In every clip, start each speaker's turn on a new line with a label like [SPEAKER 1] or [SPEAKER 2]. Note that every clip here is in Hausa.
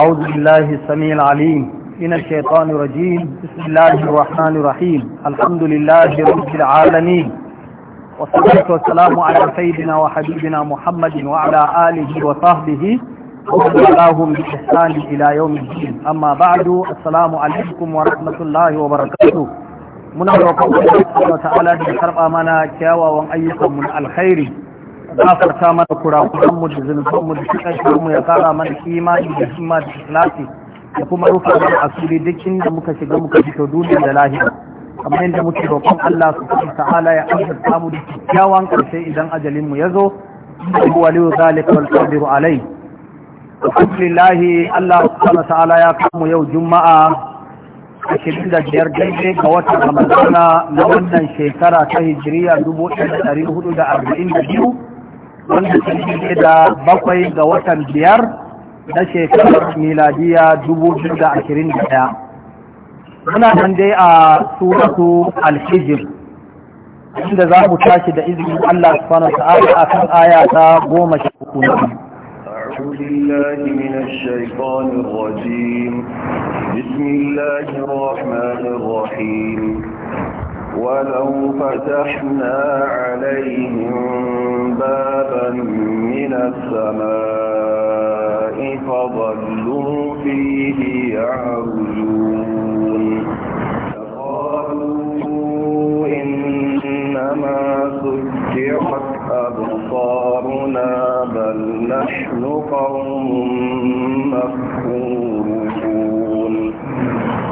[SPEAKER 1] أعوذ بالله السميع العليم من الشيطان الرجيم بسم الله الرحمن الرحيم الحمد لله رب العالمين والصلاة والسلام على سيدنا وحبيبنا محمد وعلى آله وصحبه الله بإحسان إلى يوم الدين أما بعد السلام عليكم ورحمة الله وبركاته من الله Allah وتعالى da karɓa mana kyawawan ayyukan gafarta mana kurakuran mu da zunuban mu da cikin mu ya kara mana imani da himma da ikhlasi da kuma rufa mana asiri duk inda muka shiga muka fito duniya da lahira kamar yadda muke roƙon Allah subhanahu ta'ala ya azurta mu da kyawawan karshe idan ajalin mu ya zo Abu Waliyu zalika wal qadiru alai Alhamdulillah Allah subhanahu ta'ala ya kamu yau Juma'a a shirin da biyar daidai ga watan ramadana na wannan shekara ta hijiriya dubu ɗaya da ɗari hudu da arba'in da biyu wanda sun da bakwai ga watan biyar na shekarar miladiya dubu biyu da ashirin da ɗaya muna nan dai a suratu alhijir inda za mu tashi da izinin Allah subhanahu wa ta'ala kan aya ta goma sha uku na
[SPEAKER 2] أعوذ بالله من الشيطان الرجيم بسم الله الرحمن الرحيم ولو فتحنا عليهم بابا من السماء فظلوا فيه يعرجون فقالوا إنما سجحت أبصارنا بل نحن قوم مفهوم يعلمون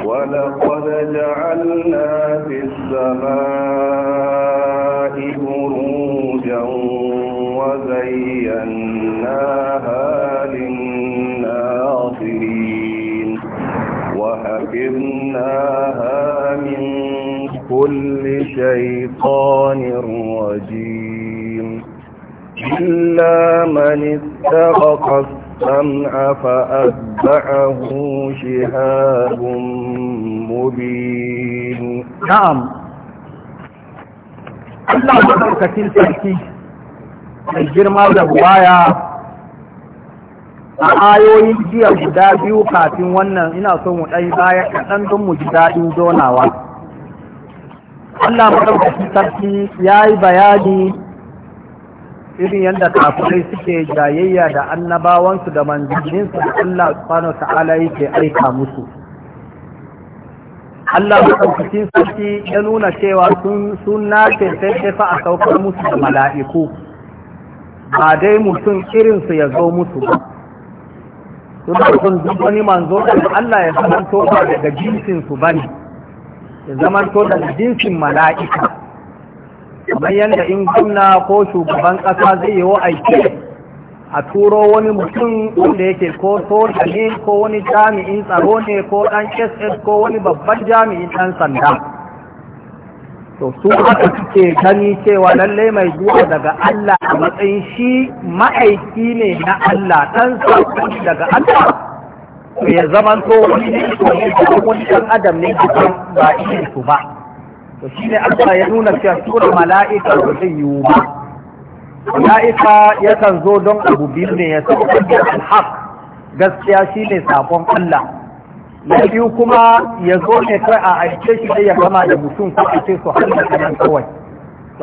[SPEAKER 2] ولقد جعلنا في السماء بروجا وزيناها للناصرين وحفظناها من كل شيطان رجيم إلا من استغق السمع فأتبعه شهاب مبين نعم
[SPEAKER 1] Allah maɗaukakin sarki da girma da buwaya a ayoyin jiya guda biyu kafin wannan ina son mu ɗai baya kaɗan don mu ji daɗin zonawa. Allah maɗaukakin sarki ya yi bayani irin yadda kafirai suke jayayya da annabawansu da manzanninsu da Allah subhanahu ta'ala yake aika musu Allah cikin sarki ya nuna cewa sun nace sai sai fa a saukar musu da mala'iku ba dai mutum irinsu ya zo musu ba suna sun duk manzo da Allah ya zamanto ba daga jinsinsu ba ne ya zamanto da jinsin mala'ika kamar yadda in gwamna ko shugaban ƙasa zai yi wa aiki a turo wani mutum wanda yake ko soja ne ko wani jami'in tsaro ne ko ɗan ss ko wani babban jami'in ɗan sanda to su haka suke gani cewa lalle mai zuwa daga Allah a matsayin shi ma'aiki ne na Allah ɗan sako daga Allah ya zama to wani ne wani ɗan adam ne ba su ba to shi ne Allah ya nuna cewa tura mala'ika ba zai yiwu ba mala'ika yakan zo don abu biyu ne ya sauka da alhaq gaskiya shi ne sakon Allah na biyu kuma ya zo ne kai a aice shi da ya gama da mutum ko a ce su da nan kawai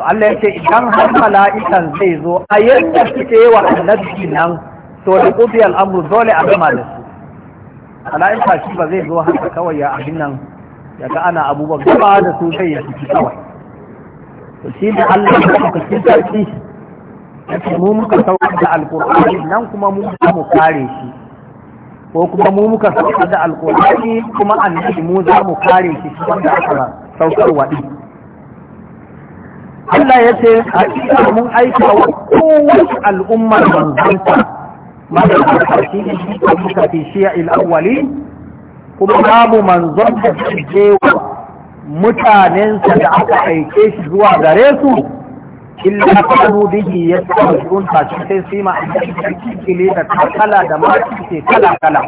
[SPEAKER 1] to Allah ya ce idan har mala'ikan zai zo a yadda suke wa annabi nan to da kubiyar amru dole a gama da su mala'ika shi ba zai zo haka kawai ya abin nan daga ana abubuwan gaba da su sai ya fiti kawai to shi ne Allah ya kuka cikin sarki yake mu muka saukar da alkur'ani nan kuma mu mu kare shi ko kuma mu muka saukar da alkur'ani kuma annabi mu za mu kare shi kuma da aka saukar wadi Allah ya ce a hakika mun aika wa kowace al'ummar manzanta ma da shi ne muka fi shi'a al-awwalin kuma babu manzon da ke mutanensa da aka aike shi zuwa gare su illa kanu bihi yastajun ta shi sai sai ma cikin da kala da ma ke kala kala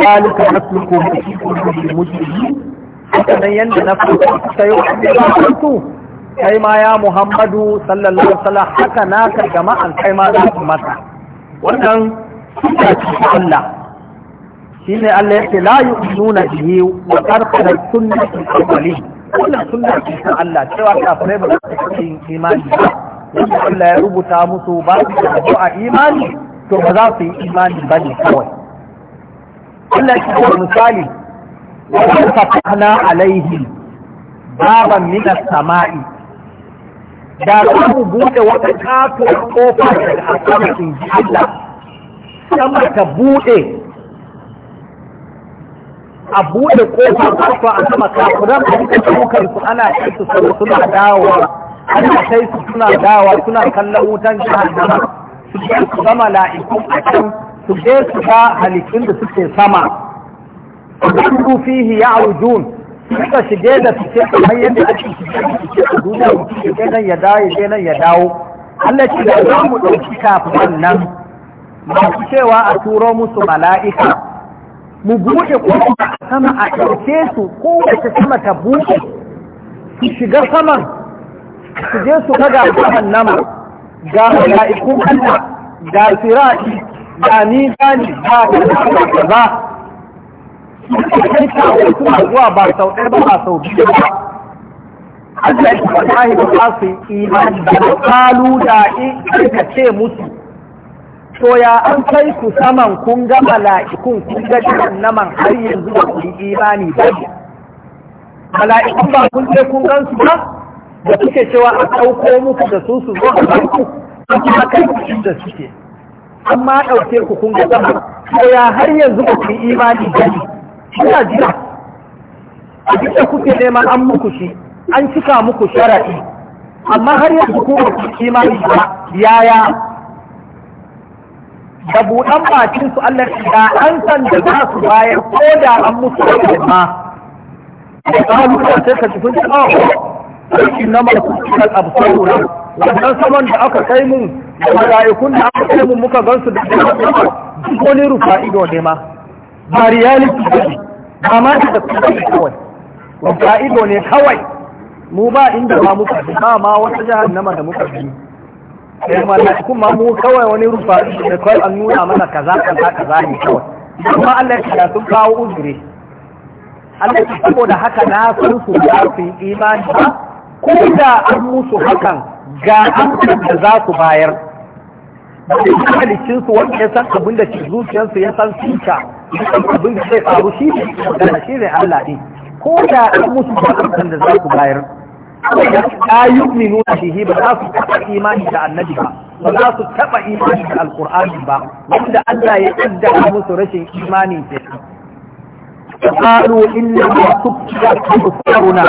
[SPEAKER 1] zalika nasluku fi kulli mujrim
[SPEAKER 2] haka nan yanda na
[SPEAKER 1] fara sai ku kai ma ya Muhammadu sallallahu alaihi wasallam haka naka jama'an kai ma za su mata wannan Allah shine Allah yake la yu'minuna bihi wa qad kana sunnatu qawli wannan sunna ce ta Allah cewa kafirai ba su yi imani ba Allah ya rubuta musu ba su da addu'a imani to ba za su yi imani ba ne kawai Allah ya ce misali wa fana alaihi baban min samai da za mu buɗe wata katuwar kofa daga asamin Allah sama ta buɗe a buɗe ƙofa ƙofa a sama kafiran a cikin dukan su ana kai su sama suna dawowa ana kai su suna dawowa suna kallon wutan jahannama su je su ga mala'ikun a can su je su ga halittun da suke sama su fihi Su suka shige da fice kamar yadda ake shige da fice a duniya mutum ya je nan ya dawo ya je nan ya dawo Allah ce da za mu ɗauki kafin nan masu cewa a turo musu mala'ika mu buɗe kofa sama a ɗauke su kowace sama ta buɗe su shiga saman su je su kaga nama, ga ra'ikun Allah ga sirati ga ni gani ga ta ba Su ta suna zuwa ba sau ɗaya ba ba sau biyu ba. Allah ya wallahi ba su imani da kalu da in ka ce musu to ya an kai ku saman kun ga mala'ikun kun ga naman har yanzu da ku imani ba mala'ikun ba kun je kun gan su ba da kuke cewa a ɗauko muku da su su zo a ku kuma kai ku da suke amma ɗauke ku kun ga sama to ya har yanzu ba ku imani ba kuna jira a duk da kuke neman an muku shi an cika muku shara'i amma har yanzu ku ba ku imani ba yaya da buɗan bakin su Allah da an san da za su bayar ko da an musu da ma da kawo da sai ka tufin ta oh, aiki na masu cikin absura wannan saman da aka kai mun da mala'ikun da aka kai mun muka gan su da duk wani rufa ido ne ma ba reality ne ba ma da kuma kawai rufa ido ne kawai mu ba inda ba muka ba ma wata jahannama da muka bi
[SPEAKER 2] sai malaikun ma mu kawai wani rufa da kawai an nuna mana kaza kaza kaza ne kawai
[SPEAKER 1] kuma Allah ya shiga sun kawo uzuri Allah ya saboda haka na san su da su yi imani ba ko da an musu hakan ga amsar da za su bayar da halicin su wanda ya san abin da ke zuciyarsu ya san fita ya san abin da zai faru shi ne da shi ne Allah ne ko da an musu hakan da za su bayar la yu'minu bihi ba za su taɓa imani da annabi ba ba za su taɓa imani da alqur'ani ba wanda Allah ya kaddara musu rashin imani da shi qalu inna tukka kufuruna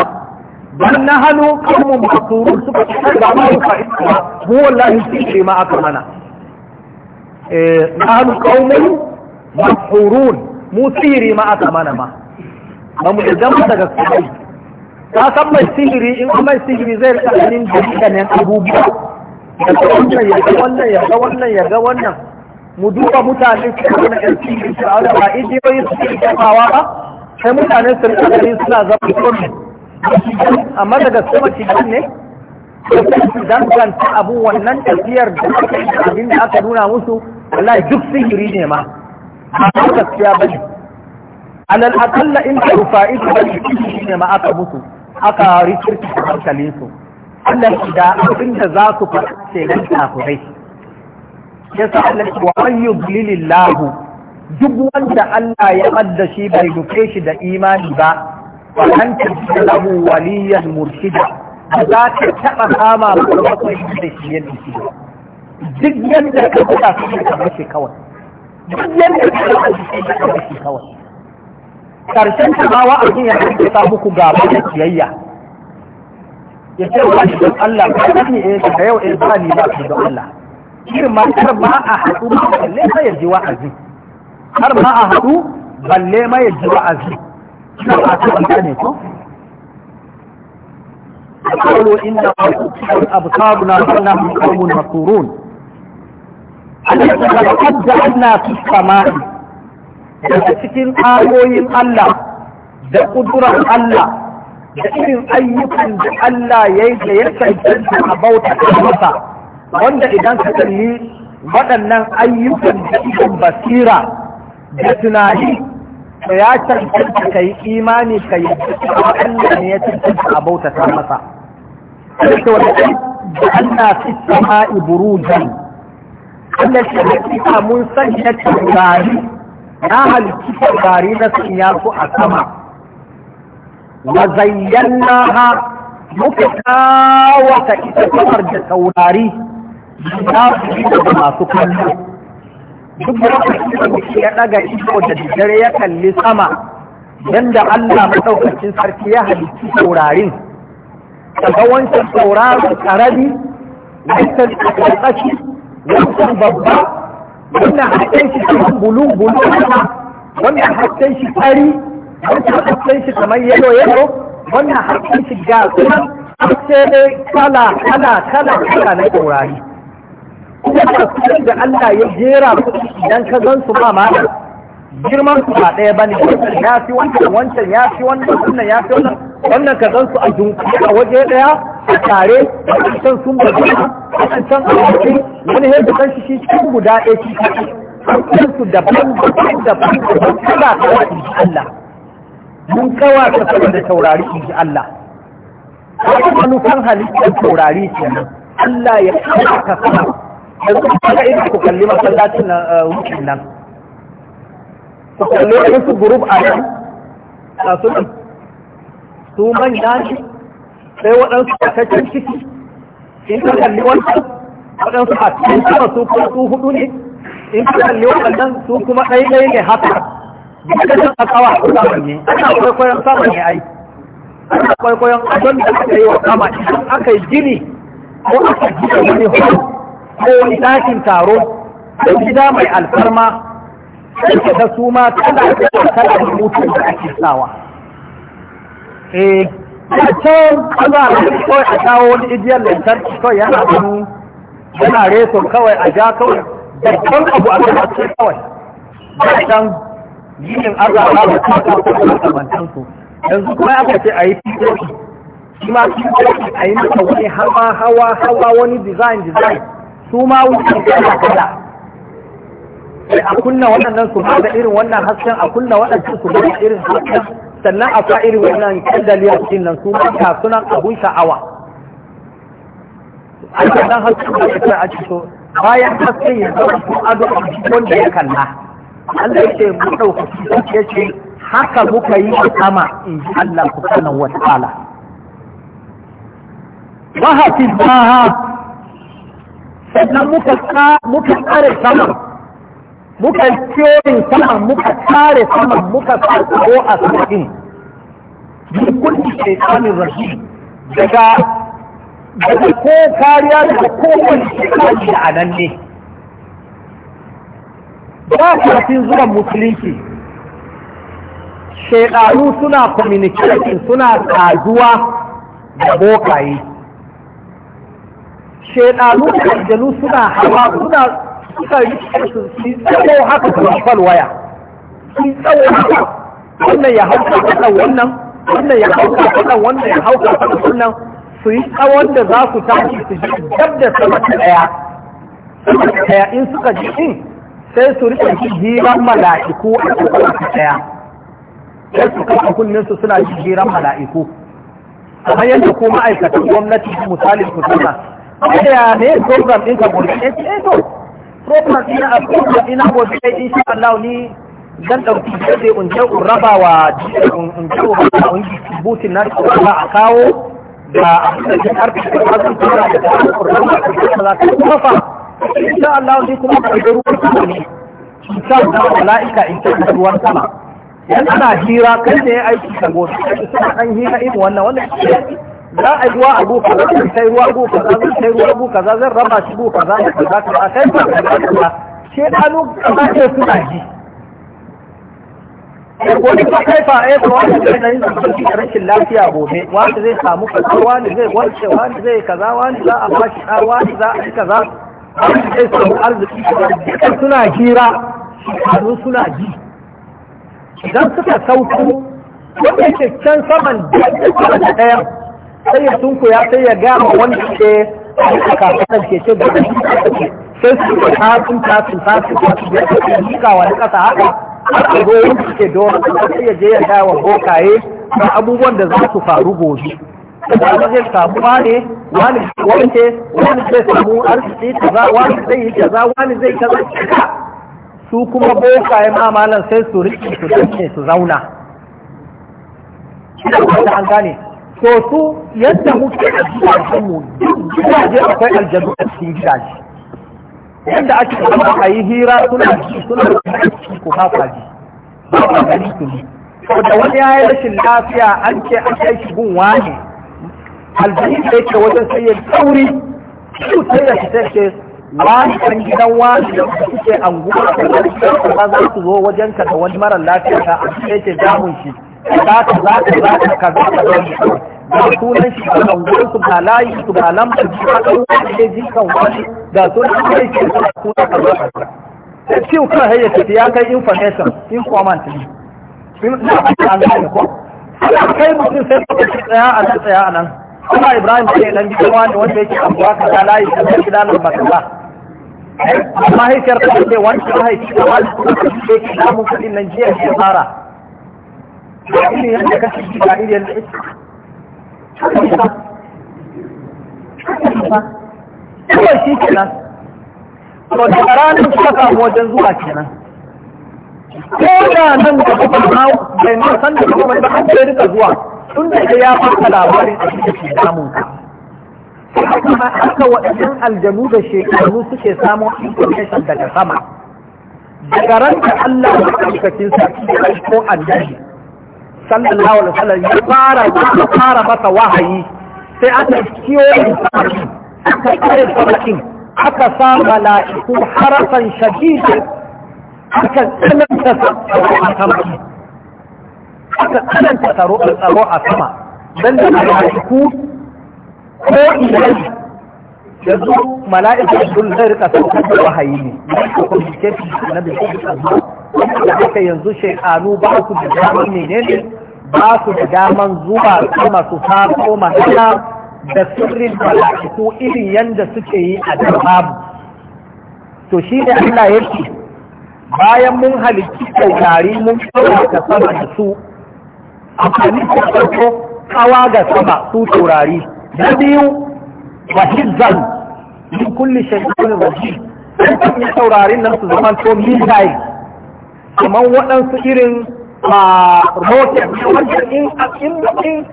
[SPEAKER 1] na nahnu qawmun masurun suka kaddara ma fa inna mu wallahi sai ma aka mana
[SPEAKER 2] eh nahnu
[SPEAKER 1] qawmun masurun mu siri ma aka mana ma ba mu da zama daga kai ka san mai sihiri in mai sihiri zai rika ganin ne abubuwa
[SPEAKER 2] Da ga wannan ya ga wannan ya ga
[SPEAKER 1] wannan ya ga wannan mu duba mutane su kuma wannan yan sihiri su a ba idiyoyi su ke kafawa ba sai mutane su rika ganin suna zama kurmi amma daga sama cikin ne dan ganta abu wannan tafiyar da aka yi abin da aka nuna musu wallahi duk sihiri ne ma ba gaskiya ba ne على in ka rufa'i da sihiri ne ma aka mutu aka rikirta hankalinsu Allah da abin da za su faɗa ce ga kafirai ya sa Allah wa man yudlilillahu duk wanda Allah ya adda shi bai nufe shi da imani ba wa an tabbata lahu waliyan murshida ba za ta taɓa kama ba da da shi yadda shi duk yadda ka faɗa su ka kawai duk yadda ka faɗa su ka kawai karshen tabawa a cikin yankin ta sa muku gaba da ciyayya ya ce wa shi don Allah ba ya ne eh, ya ga yau in eh, ba ni ba shi don Allah shi ma har ma a haɗu ma balle ma ya ji wa'azi Kar ma a haɗu balle ma ya ji wa'azi shi ba a cikin ta ne ko Akwai inda kwanu kai abu sabu na suna hankalin makurun. Allah ya ta "Kadda ana su sama'i, daga cikin ayoyin Allah da ƙudurar Allah da irin ayyukan da Allah ya yi da ya cancanta a bauta masa wanda idan ka kalli waɗannan ayyukan da ikon basira da tunani da ya cancanta ka yi imani ka yi Allah ne ya cancanta a bauta masa.
[SPEAKER 3] Da
[SPEAKER 1] Allah fi sama'i burujan, Allah shi da mun sanya turare na halittu taurari na sanya su a sama wa zayyana ha muka kawata ita kamar da taurari na su da masu kallo duk da mutum ya daga ido da dare ya kalli sama yanda Allah ɗaukacin sarki ya halittu taurarin daga wancan taurarin karami wancan tsakatsaki wancan babba wannan hasken shi kamar bulu bulu wannan hasken shi fari wannan hasken shi kamar yelo yalo wannan hasken shi ga haske ne kala kala kala kala na taurari kuma da da Allah ya jera idan ka gan su ba malam girman su ba ɗaya bane ya fi wancan wancan ya fi wannan wannan ya fi wannan wannan ka gan su a dunkule waje ɗaya a tare can sun bayyana wadancan abokai wani yadda kan shi cikin guda ɗaya shi kaɗai su daban daban daban daban kada kawai in ji Allah mun kawa ka sama da taurari in ji Allah wata kan halittar taurari ke nan Allah ya kawo ta sama yanzu kaga irin ku kalli masallacin eh, wucin nan ku kalli wasu gurub a nan su manya ne sai waɗansu a ciki in ka kalli wancan waɗansu a cikin kuma su kuma su hudu ne in ka kalli waɗannan su kuma ɗai ɗai ne haka
[SPEAKER 2] duka ta a kawa a
[SPEAKER 1] kusa wani ana kwaikwayon sama ne ai ana kwaikwayon abin da aka yi wa sama idan aka yi gini ko aka gina wani hudu ko wani ɗakin taro ko gida mai alfarma sai ka ga su ma tana da kala da mutum da ake sawa. Eh, da can an za kawai a kawo wani igiyar lantarki kawai yana hannu yana reso kawai a ja kawai
[SPEAKER 2] da abu a kan asir
[SPEAKER 1] kawai da can yinin azara da kaka ko da kamantansu yanzu kuma ya ce a yi fitoki shi ma fitoki a yi masa wani hawa hawa hawa wani design design su ma wuce kala kala sai a kunna waɗannan su ba da irin wannan hasken a kunna waɗancan su ba da irin hasken sannan akwai irin wannan kandaliyar cikin nan suna ta sunan abun sha'awa
[SPEAKER 2] a ta dan da ita
[SPEAKER 1] a cikin bayan hasken ya zama su ado wanda ya kalla Allah ya ce mu ɗaukaki ke ce haka muka yi sama in ji Allah wata ala wahafi ba ha sannan muka tsare sama muka ciyoyin saman muka tare saman muka sa ko a saman duk kulli shaitanin rashi daga daga ko kariya daga wani shi da anan ne ba kafin zuwa musulunci Shekaru suna communication suna kajuwa da bokaye Shekaru da aljanu suna hawa suna suka yi su tsawo haka su rafal waya tsawo haka wannan ya hauka kaɗan wannan wannan ya hauka kaɗan wannan ya hauka wannan su yi tsawon da za su tashi su ji dab da sama ta sama ta in suka ji in sai su rike ji hiran mala'iku a sama ta ɗaya sai su kafa su suna ji hiran mala'iku
[SPEAKER 2] kamar yadda ko ma'aikatan
[SPEAKER 1] gwamnati misali ku tuna ya ne program ɗin ka gudu eh to program ina a ina gobe Allah ni dan dauki in je raba wa in je na ba a kawo da abin da karfi da azun tura da program da za ta Sha Allah ni kuma da ruwa ne insha Allah malaika in ta sama hira kai ne aiki ka gobe sai an hira irin wannan wannan za a yi ruwa a gu kaza zan sai ruwa gu kaza zan kai ruwa gu kaza zan raba shi gu kaza da kaza kaza kai ba kaza kaza she danu kaza ce suna ji wani ba kai fa ai eh, ko wani zai nan da rashin lafiya gobe wani zai samu kaza wani zai wance wani zai kaza wani za a bashi da wani za a yi kaza wani zai samu arziki dukkan suna hira shekaru suna ji idan suka sauko wanda ke can saman da ɗaya sai ya tunku ya sai ya gama wani ke a kasuwar ke ce da sai su ka tasun tasun tasun tasun ya ke jika wani kasa haka a goyon su ke don sai ya je ya gawa bokaye da abubuwan da za su faru gobe wani zai samu wane wani wanke wani zai samu arziki ta za wani zai yi za wani zai kaza su kuma bokaye mamalan sai su riƙe su danne su zauna. Ina an gane, to su yadda muke a gidajenmu duk gidaje akwai aljanu a cikin gidaje yadda ake zama a yi hira suna ji suna ji ku hafa ji ba a gani su ne to da wani ya yi rashin lafiya an ce an kai shi gun wani aljanu da yake wajen sai ya sauri su sai ya fita ce wani kan gidan wani da suke anguwa da za su zo ka da wani mara lafiya ka a ce damun shi kaza kaza kaza ka kaza ga sunan shi ga kangon su layi su da lambar shi ga kangon shi ji kan wani ga sunan shi shi ga sunan kaza kaza sai ciwo kan hayya ya kai information informant ne na an gane ko ana mutum sai tsaya a nan tsaya a nan kuma Ibrahim sai dan gidan wani wanda yake abuwa kaza layi kaza gidan lambar kaza mahaifiyar ta ce wancan mahaifi da wani kuma ke damun kuɗin nan jiya ya fara ba irin yadda kake ji ba irin yadda kake ba kawai shi kenan to da ranar suka samu wajen zuwa kenan ko da nan da kuma na bai ma san da kuma ba an sai rika zuwa tun da ya fara labarin a cikin ke damun ka kuma aka waɗannan aljanu da shekaru suke samun information daga sama daga ran da Allah ya ɗaukakin sa ko annabi sallallahu alaihi wasallam ya fara ya fara masa wahayi sai aka kiyo aka kare sarkin aka sa mala'iku harafan shadidan aka tsananta tsaro a sama aka tsananta tsaro a sama dan da mala'iku ko ilahi yanzu mala'ika sun zai rika saukar da wahayi ne ko communication na da shi da yanzu shekaru ba su da zamani ne ne ba su da daman zuwa sama su faso mahala da sirrin mala'iku irin yadda suke yi a dababu to shi ne Allah ya ce bayan mun halitti taurari mun ta sama da su A amfani da farko kawa ga sama su taurari na biyu wa hizzan min kulli shaytanin rajim yi taurarin nan su zama to mizai kamar waɗansu irin ba rote wanda in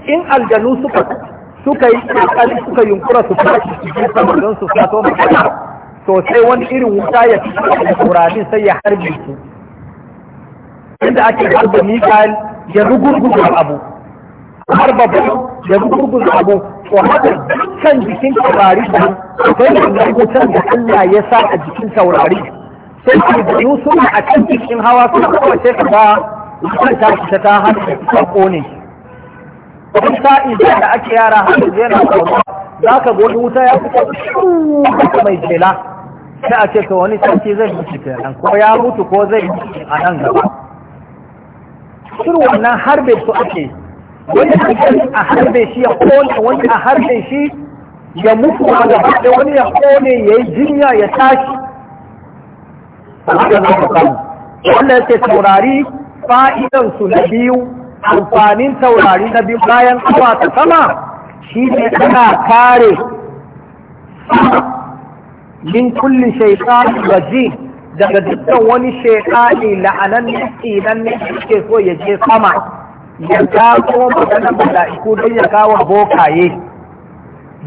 [SPEAKER 1] in aljanu suka suka yi kokari suka yunkura su tashi cikin sama don su fato magana to sai wani irin wuta ya fi kuranin sai ya harbi su inda ake harba mikael ya rugurguza abu harba ba ya rugurguza abu to haka dukkan jikin taurari da akwai wannan wutan da Allah ya sa a jikin taurari sai aljanu suna a kan jikin hawa suna kuma sai ka mutum ta shi ta hannu ta ƙone. kone wani sa'in da ake yara hannu zai na kawo za ka goni wuta ya fita kusa mai jela sai a ce ka wani sarki zai mutu kenan ko ya mutu ko zai mutu a nan gaba Sun wannan harbe su ake wani a harbe shi ya kone wani a harbe shi ya mutu a gaba da wani ya kone ya yi jinya ya tashi a haka wannan ya ce saurari fa'idan su na biyu amfanin taurari na biyu bayan awa ta sama shi ne ana kare min kulli shaytan waje daga dukkan wani shaytani la'ananne idan ne yake so ya je sama ya kawo maganar mala'iku don ya kawo bokaye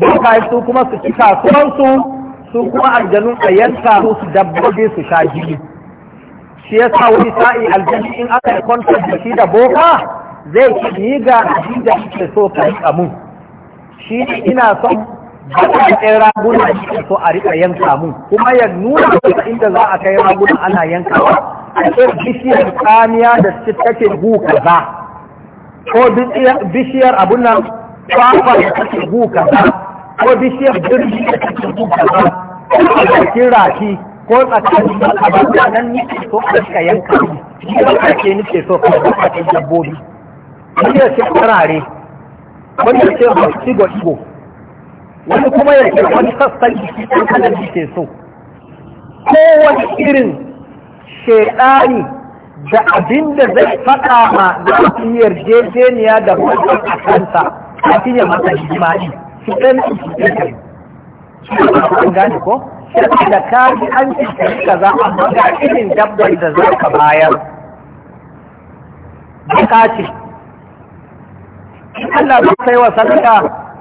[SPEAKER 1] bokaye su kuma su ci kasuwansu su kuma aljanun a yanka su dabbobi su sha jini shi ya sa wani sa'i aljanna in aka yi kwantar da shi da boka zai ki yi ga abin da ake so ka riƙa mun shi ne ina son baƙin ɗaya raguna da so a riƙa yanka mun kuma ya nuna da inda za a kai raguna ana yankawa a kai bishiyar tsamiya da su take gu kaza ko bishiyar abun nan kwakwa da take gu kaza ko bishiyar birni da take gu kaza ko a bakin ko tsakanin al'abarta nan nike so a cika yanka ni ba ka ce so ka zuwa dabbobi wani ya ce karare wani ya ce ba shigo shigo wani kuma ya ce wani sassan jiki ɗan adam nike so kowane irin shaidani da abin da zai faɗa ma da su yarjejeniya da mutum a kansa kafin ya masa jima'i su ɗan su ɗan gane ko da ka ji an cikin ka za a maga irin dabbar da za ka bayar baka ce Allah ba sai wa sadaka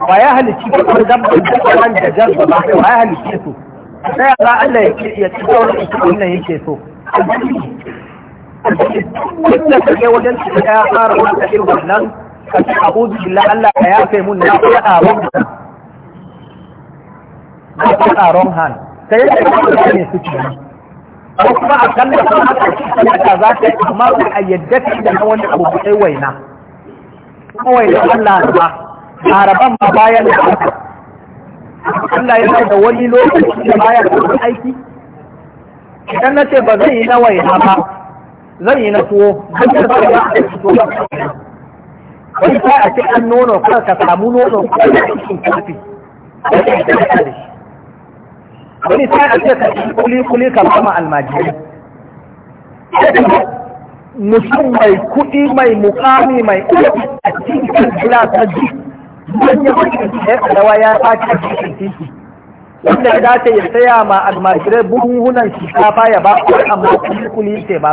[SPEAKER 1] wa ya halici kuma dabbar da kan da jar ba wa ya halici su sai za Allah ya ci sauran wani wannan yake so duk da ke wajen cikin ya fara maka irin wannan ka ci a'udhu Allah ya yafe mun na faɗa a hannu. ta yi da ne suke yi
[SPEAKER 2] ko kuma a kan da kuma aka ci sadaka za ta yi amma ba
[SPEAKER 1] a yadda ta da na wani abu sai waina kawai da Allah ba araban ma bayan da aka Allah ya da wani lokaci da baya da aiki idan na ce ba zan yi na waina ba zan yi na tuwo zan yi na tuwo ba a ci tuwo ba wani sai a ce an nono kuma ka samu nono kuma da cikin karfi da ke da wani sai a ce ka kuli kuli ka kama almajiri mutum mai kuɗi mai mukami mai ƙarfi a cikin gila ta ji manyan mutum da ya karawa ya sace cikin titi wanda ya dace ya saya ma almajirai buhunan shinkafa ya ba su amma kuli kuli ce ba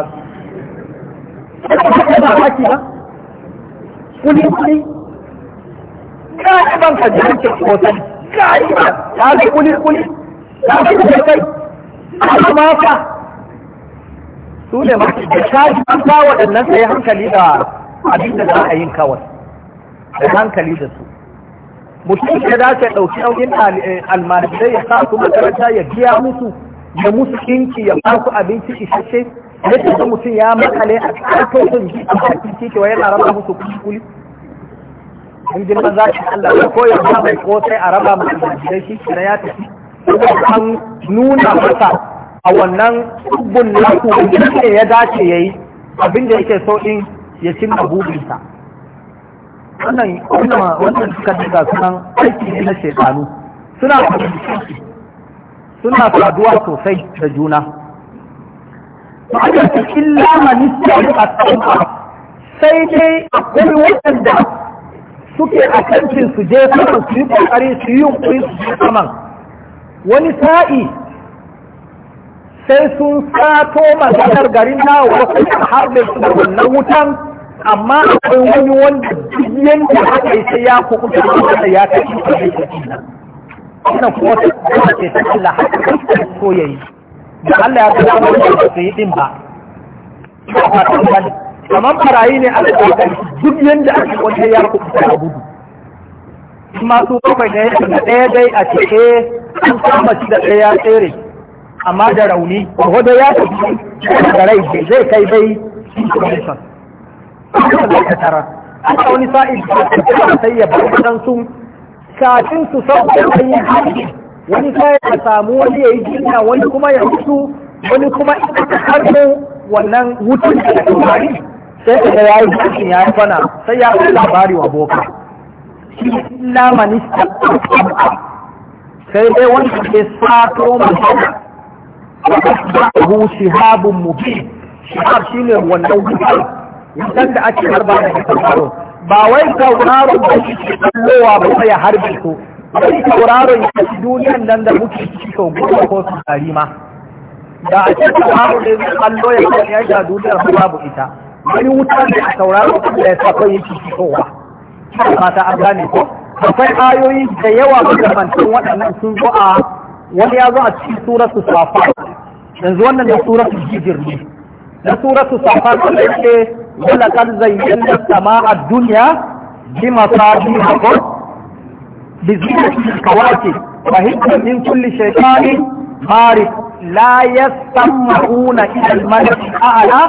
[SPEAKER 1] su ba haki ba kuli kuli ka ban ka jirgin kotan ka ban ka kuli kuli amma fa su ne masu da shaji an ta waɗannan sai hankali da abin da za a yin kawai da hankali da su mutum ya dace ya ɗauki nauyin eh, almajirai ya sa su makaranta ya biya musu ya musu kinki ya ba su abinci isasshe yadda da mutum ya makale a ƙarfafin ji a cikin titi wa yana raba musu kuskuli in ji maza ki Allah ko ya ba mai sai a raba musu da shi kira ya tafi an nuna masa a wannan tubbun naku da ya dace ya yi abin da yake so in ya cin burinsa wannan wannan suka daga sunan aiki ne na shekaru suna suna saduwa sosai da juna ma'aikata illa manista a tsawon sai dai akwai waɗanda suke a kancin su je saman su yi ƙoƙari su yi yunƙuri su je saman wani sa'i sai sun sato maganar garin na wasu harbe su da wannan wutan amma akwai wani wanda duk yanda haka yi sai ya kukuta wanda ya ta a cikin nan wannan kuma ta kuma ce ta kila haka so yayi da Allah ya gada mu da su yi din ba fatan kamar barayi ne a cikin duk yanda ake wanda ya kukuta a gudu kuma su ta ne da ɗaya dai a cikin an kama shi da ya tsere amma da rauni wadda ya tafi da rai zai kai bai information aka tara aka wani sa'id sai ya bari dan sun kafin su sauke an yi wani sai ya samu wani ya yi jinya wani kuma ya mutu wani kuma ita harbo wannan wutun da taurari sai ka ya yi jikin ya yi fana sai ya fi labari wa boka shi lamanista sai dai wanda ke sato magana hu shihabun mubi shihab shi ne wannan wutar wutar da ake harba da sauraro ba wai sauraron da shi ke tsallowa ba sai ya harbe su wai sauraron ya shi duniyan nan da muke ciki sau goma ko su tsari ma da a cikin sauraro da zai kallo ya kan ya ja duniyar ba babu ita wani wuta da sauraro da ya sa kai ciki fitowa ba ta an gane ko akwai ayoyi da yawa makamantan waɗannan sun zo a wani ya zo a cikin suratu safa yanzu wannan da suratu hijir ne da suratu safa kuma yake wala kan zayyana sama a duniya bi masabi hako bi zuwa kawaki wa hikmar min kulli shaytani mari la yastamma'una ila al-malik a'la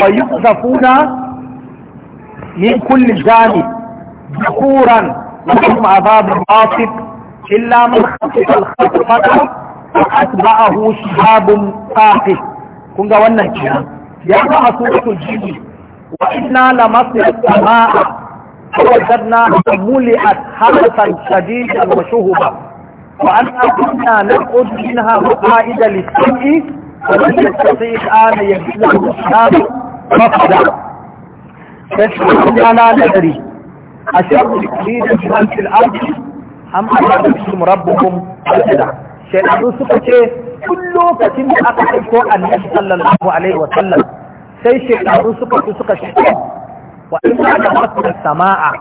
[SPEAKER 1] wa yuqzafuna min kulli jani ذكورا لهم عذاب عاصف إلا من خطف الخطفة فأتبعه شهاب ثاقب كنت وانا كنا يا سورة الجيل وإنا لمصر السماء فوجدنا ملئت حرسا شديدا وشهبا وأنا كنا نقعد منها مقاعد للسمع ولم يستطيع أن يجد له شهاب فقدا فشهدنا لا ندري أشر تقليدا في أنت الأرض أم أشرتكم ربكم أجدا شيطان سكتي كل وقت أقصد النبي صلى الله عليه وسلم sai shekaru suka fi suka shi wa ina da sama'a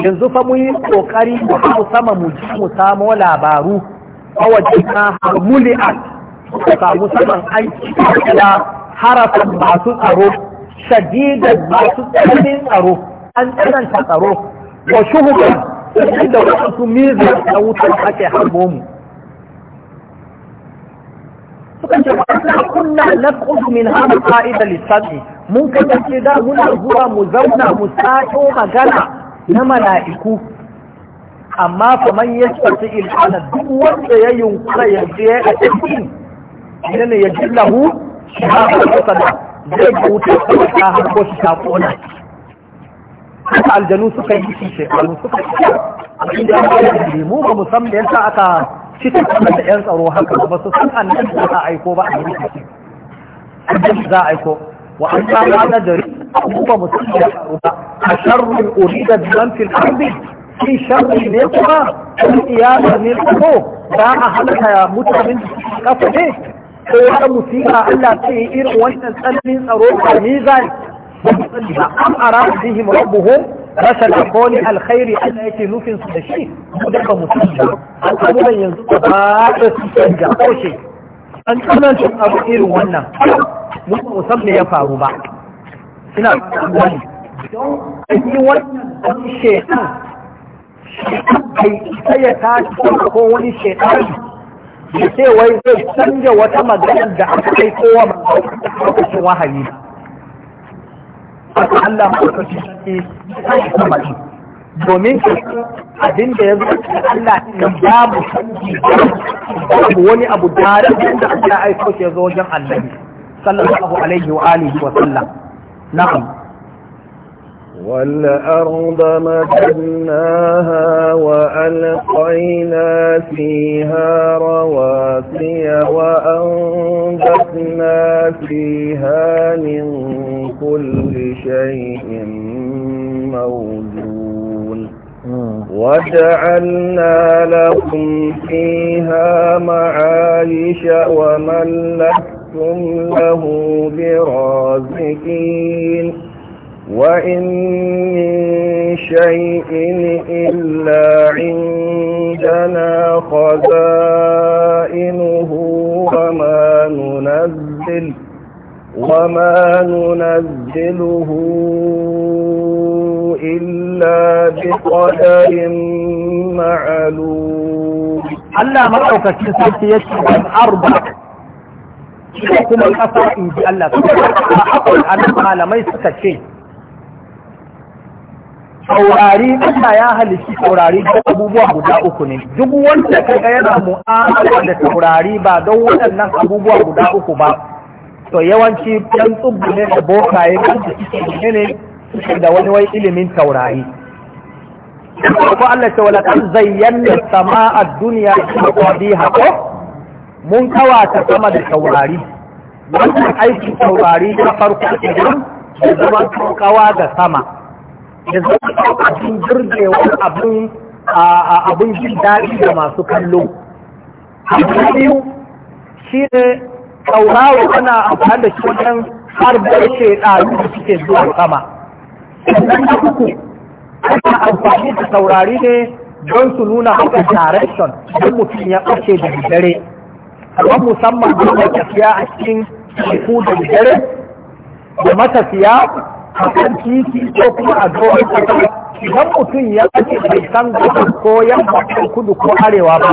[SPEAKER 1] yanzu fa mu yi kokari mu hau sama mu ji mu samo labaru a wajen na harmuli'at ka samu saman an da harafin masu tsaro shadidan masu tsananin tsaro an tsananta tsaro wa shuhuban da wasu mizar na wutar ake harbo mu suka ce ba kunna naqud min hada qa'ida lisami mun kasance da muna zuwa mu zauna mu sato magana na mala'iku amma fa man yasfati ilhana duk wanda ya yunkura ya je a cikin yana ya jillahu
[SPEAKER 2] shi ba ta sada
[SPEAKER 1] zai wuta ta harbo shi ta kona haka aljanu suka yi shi shekaru suka yi inda an yi mu ba musamman yasa aka cikin da yan tsaro haka ba su san annabi za a aiko ba a yi rikici annabi za a aiko wa an ta rana da mu ba musamman ya tsaro ba a sharrin urida biyan fil ardi shi sharri ne kuma an iyalin ne ko za a halaka mutanen kafa ne ko wata musiba Allah ce irin wannan tsananin tsaro ba ni zai ba am ara bihim rabbuhum rasal qawli alkhairi Allah yake nufin su da shi mu da ba mutum ba al'amuran yanzu ba da su canja ko shi an tun abu irin wannan mu ba mu san me ya faru ba ina wani don yi wannan don shaitan bai sai ya tashi ko wani shaitan ya ce wai zai canja wata magana da aka kai kowa ba a lokacin wahayi ba haka Allah maɗaukaki shi sai kuma shi domin abin da ya zo Allah kan babu babu wani abu tare da Allah ya aiko shi ya zo wajen annabi sallallahu alaihi wa alihi wa sallam na'am
[SPEAKER 2] والأرض مددناها وألقينا فيها رواسي وأنبتنا فيها من كل شيء موجود وجعلنا لكم فيها معايش ومن لستم له برازقين وإن من شيء إلا عندنا خزائنه وما ننزل وما ننزله إلا بقدر معلوم ألا مرأك كنت يشهد أربع
[SPEAKER 1] kuma كما in ji Allah su ba a malamai suka ce saurari Allah ya halitta saurari da abubuwa guda uku ne duk wanda kaga yana mu'amala da saurari ba don waɗannan abubuwa guda uku ba to yawanci yan tsubbu ne da boka ya kanta ne da wani wai ilimin taurari ko Allah ta wala kan zayyana sama'a duniya da qadiha ko mun kawata sama da taurari wannan aikin taurari ta farko da zaman kawa ga sama ya zama abin jirgewar abin abin jin daɗi da masu kallo Abin biyu shi ne tauraro ana amfani da shi wajen harbar ɗari da suke zuwa sama sannan na uku ana amfani da saurari ne don su nuna haka direction don mutum ya ɓace da dare ma musamman don tafiya a cikin teku da dare da matafiya a kan titi ko kuma a doron kasa idan mutum ya ake bai san gaba ko yamma ko kudu ko arewa ba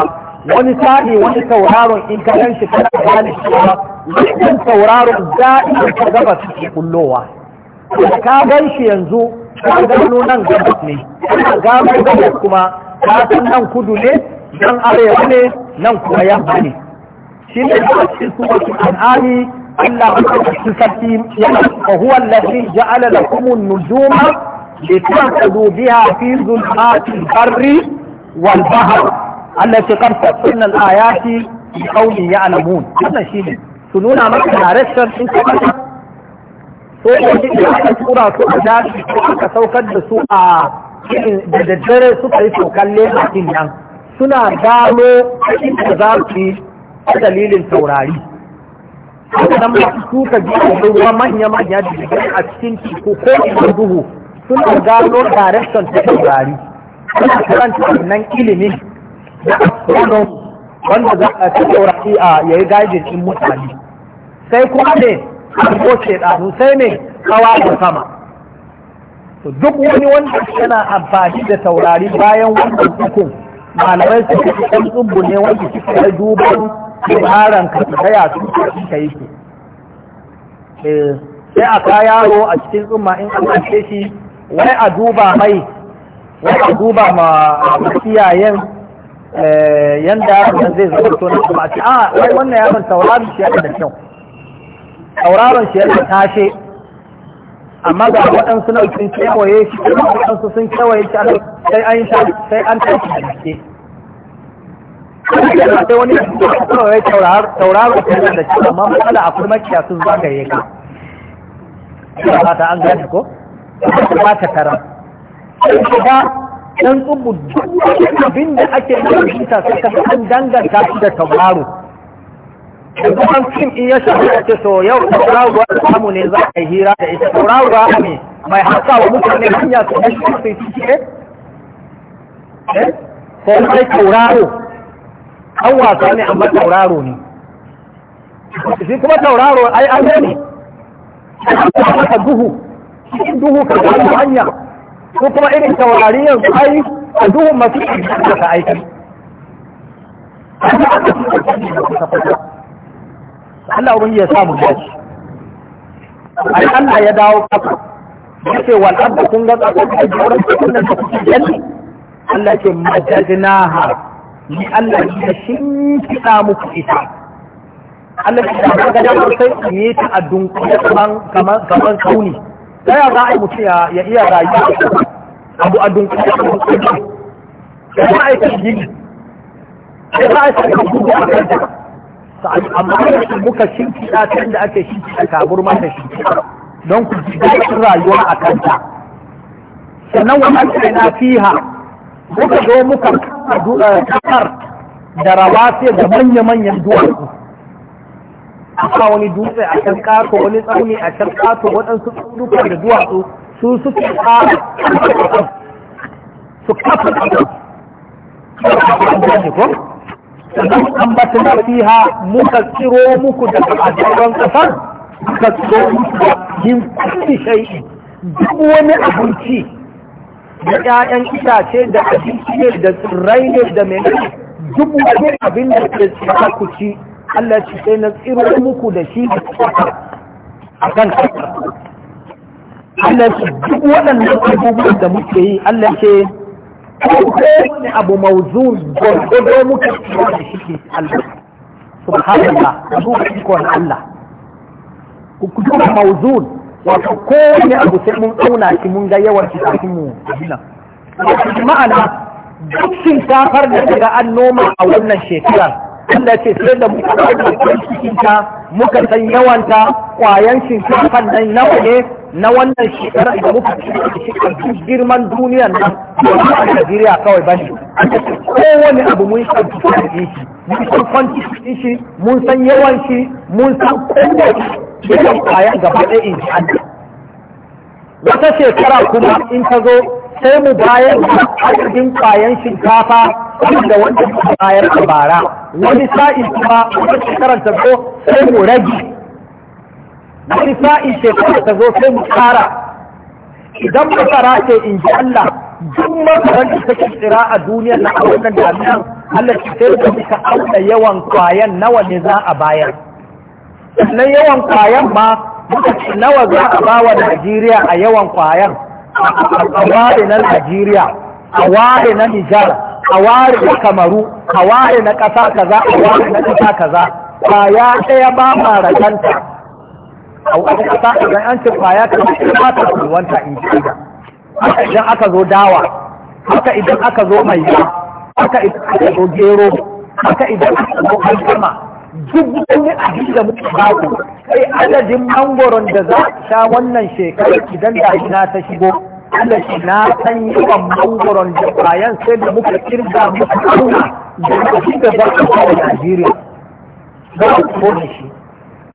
[SPEAKER 1] wani sa'i wani tauraron in ka gan shi kana gane shi ba wannan tauraron da'i ka gaba suke kullowa ka gan shi yanzu ka gano nan gabas ne ka gano gabas kuma ka san nan kudu ne nan arewa ne nan kuma yamma ne shi ne a cikin wasu al'ami الله تسكين وهو الذي جعل لكم النجوم لتركضوا بها في ظلمات البر والبحر التي قد تفصلنا الايات لقوم يعلمون هذا شيء سنونا مثلا رشد انت مثلا سورة سورة سورة سورة سورة سورة سورة سورة سورة سورة سورة سورة سورة سورة سورة سورة haka masu suka ji da ruwa manya-manya da jirgin a cikin teku ko ina duhu
[SPEAKER 2] suna gano
[SPEAKER 1] direction ta taurari suna karanta wannan ilimin da astronomy wanda za a ta saurari a yayi gajin in mutane sai kuma ne ko ce ɗanu sai ne kawa da sama duk wani wanda yana amfani da taurari bayan wannan hukun malamai su ke ɗan tsubbu ne wanda suka yi duban tsaran ka tsaya su ka yi su eh, sai a ka yaro a cikin tsumma in an kashe shi wai a duba mai wai a duba ma kiyayen eh, yanda yaron zai zama to na kuma a ce a ah, wai wannan yaron tauraron shi yana da kyau tauraron shi yana tashe amma ga waɗansu na sun kewaye shi waɗansu sun kewaye shi sai an tashi da gaske
[SPEAKER 2] sai wani kawai tauraro kenan da shi amma matsala
[SPEAKER 1] a kuma kiya sun zagaye ka ina fata an gane ko ba ta tara ba dan tsubu duk abin da ake yi ta sai ka an danganta shi da tauraro yanzu an kim iya ya shafi a ce so yau tauraro ta samu ne za a yi hira da ita tauraro ba a ne mai haka wa mutane hanya su ɗan shi su yi cike ko mai tauraro an wasa ne amma tauraro ne shi kuma tauraro ai an ne ka duhu cikin duhu ka gano hanya ko kuma irin taurari yanzu ai a duhu masu da ka aiki Allah ubangiji ya samu gashi ai Allah ya dawo kafa yake wal'abda kun ga tsakon da wurin cikin da suke yanni Allah ke majajina ha ni Allah ya shimfiɗa muku ita Allah ya da ga damar sai ne ta a kaman kaman kamar kauni sai za a yi mutu ya iya rayuwa abu a kaman kamar kauni ya za a yi ta gini ya za a yi ta gudu a kanta amma muka shimfiɗa ta inda ake a kabur ta shi. don ku ji daɗin rayuwa a kanta sannan wa na fiha muka zo muka kafar da rawa sai da manya-manyan duwatsu aka wani dutse a can kato wani tsauni a can kato waɗansu dukkan da duwatsu su suke kara su kafa ko sannan an bata na fiha muka tsiro muku da ajaran kasar muka tsiro muku da yin kulli shay'in duk wani abinci da ƴaƴan itace da abinci ne da tsirrai ne da mai duk wani abin da ke tsaka ku ci Allah ci sai na tsiro muku da shi a kan Allah ce duk waɗannan abubuwan da muke yi Allah ce
[SPEAKER 2] kowane
[SPEAKER 1] abu mauzu gwargwado muke tsiro da shi Allah subhanallah abu ikon Allah ku duba mauzun wato kowane abu sai mun tsauna shi mun ga yawan shi kafin mu
[SPEAKER 3] ma'ana duk safar da daga
[SPEAKER 1] an noma a wannan shekarar Allah ce sai da muka cikin ta muka san yawanta ƙwayan shinkafa nan nawa ne na wannan shekarar da muka cikin girman duniyar nan domin a Najeriya kawai ba ne. Kowane abu mun san cikin shi, mun san kwanci cikin shi, mun san yawan shi, mun san kowane yawan kwayan gaba ɗaya in ji Allah. Wata shekara kuma in ta zo sai mu bayar da adadin kwayan shinkafa da wanda mu bayar a bara. Wani sa'in kuma wata shekarar ta zo sai mu rage wani sa'in shekara ta zo sai mu kara idan fara ce in ji Allah duk masarar da take tsira a duniya na wannan damiyar, Allah ki sai da muka auna yawan kwayan nawa ne za a bayar sannan yawan kwayan ma muka ce nawa za a bawa Najeriya a yawan kwayan a ware na Najeriya a ware na Nijar a ware na Kamaru a ware na ƙasa kaza a ware na ƙasa kaza kwaya ɗaya ba ma rakanta a wani kasa idan an ce kwaya ta ba ta wanta in ji haka idan aka zo dawa haka idan aka zo mai haka idan aka zo gero haka idan aka zo alkama duk wani abin da muka baku sai adadin mangoron da za a sha wannan shekarar idan da na ta shigo Allah shi na san yawan mangoron da bayan sai da muka kirga muka auna da abin da za a sha a Najeriya. Za a kone shi.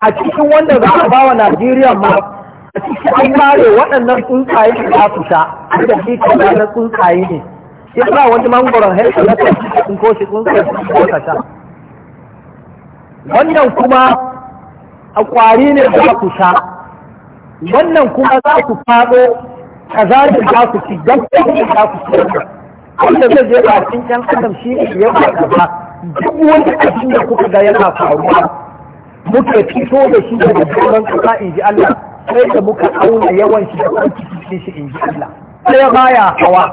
[SPEAKER 1] a cikin wanda za a bawa Najeriya ma a cikin an mare waɗannan tsuntsaye da za su sha an da shi kaza na tsuntsaye ne ya ba wani mangoron harshe na tsuntsaye ko koshi tsuntsaye ko kosa sha wannan kuma a kwari ne za ku sha wannan kuma za ku faɗo kaza da za ku ci gaskiya da za ku ci wanda zai je ba cikin ɗan adam shi ne ya faɗa ba duk wani abin da kuka ga yana faruwa muka fito da shi daga doron kasa in ji Allah sai da muka auna yawan shi da kwanci cikin shi in ji Allah ɗaya baya hawa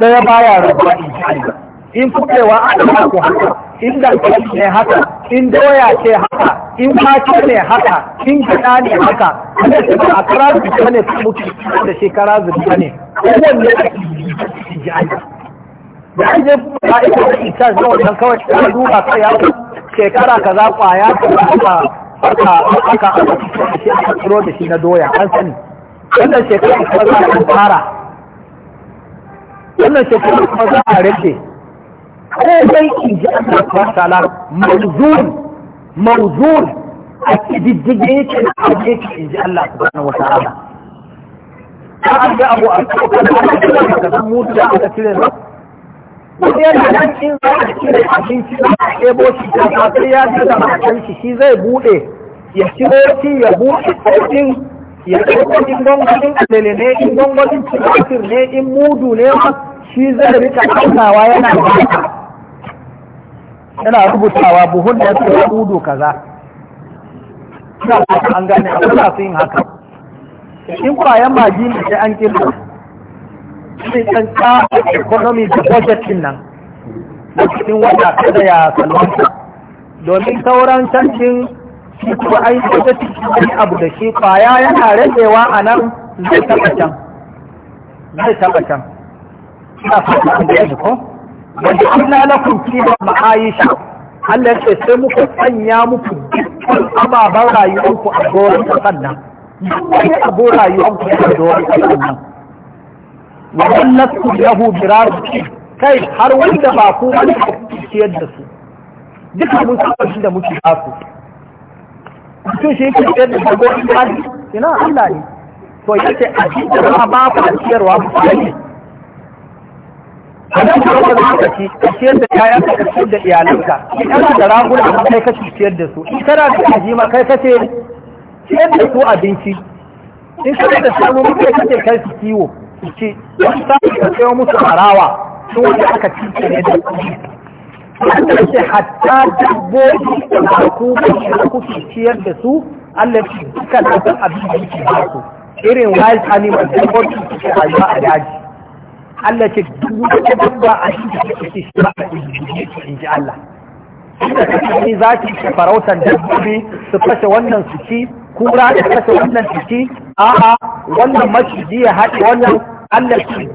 [SPEAKER 1] ɗaya baya rabuwa in ji Allah in kuɗewa a ba ku haka in dankali ne haka in doya ce haka in fata ne haka in gida ne haka wanda ce ba a kara zuciya ne su muke da shekara zubi ne kowanne a ji Allah da an je ita da ita na wannan kawai ka duba kai ya shekara kaza kwaya ka aka aka aka aka tsiro da shi na doya an sani wannan shekara kuma za a fara wannan shekara kuma za a rage komai in ji Allah subhanahu ta'ala mawzun mawzun a kididdige yake da abu ki in ji Allah subhanahu ta'ala ka an ga abu a cikin kan aka mutu da aka cire kuma yana a shi ya shi zai buɗe ya shiro shi ya buɗe ya in ne in ne in mudu ne shi zai rika yana yana rubutawa buhun da ya mudu kaza an gane a kuna su yin haka in kwayan magi ne sai an kirga shi ɗan kawo economy da budget ɗin nan cikin wata kada ya salwanta domin sauran canjin shi kuma ai budgetin wani abu da shi kwaya yana ragewa a nan zai taɓa can zai taɓa can ina fata an da ko wanda Allah lakum fiha ma'aisha Allah ya ce sai muku sanya muku dukkan ababen rayuwanku a doron kasan nan. Duk wani abu rayuwanku a doron kasan nan. wa wallastu lahu birasu kai har wanda ba ku wani ciyar da su duka mun san da muke haku mutum shi yake ciyar da shago in ba ina Allah ne to ce a cikin ba ba ku ciyarwa ku yi a nan kuma da ka ci a ciyar da kayan ka ciyar da iyalanka in kana da ragula ma kai ka ciyar da su in kana da ajima kai ka ciyar da su abinci in kana da shanu kai ka ce kai su kiwo su masu samun ka musu harawa sun wanda aka ne da kuɗi Allah ce hatta dabbobi da ku da kuke ciyar da su Allah ce dukkan abin abin da yake ba su irin wild animal rayuwa a daji Allah ce dabba a shi da shi ba a in ji Allah
[SPEAKER 2] inda
[SPEAKER 1] za ki dabbobi su fashe wannan su ci kura da kashe wannan ciki a'a wannan maciji ya haɗe wannan Allah shi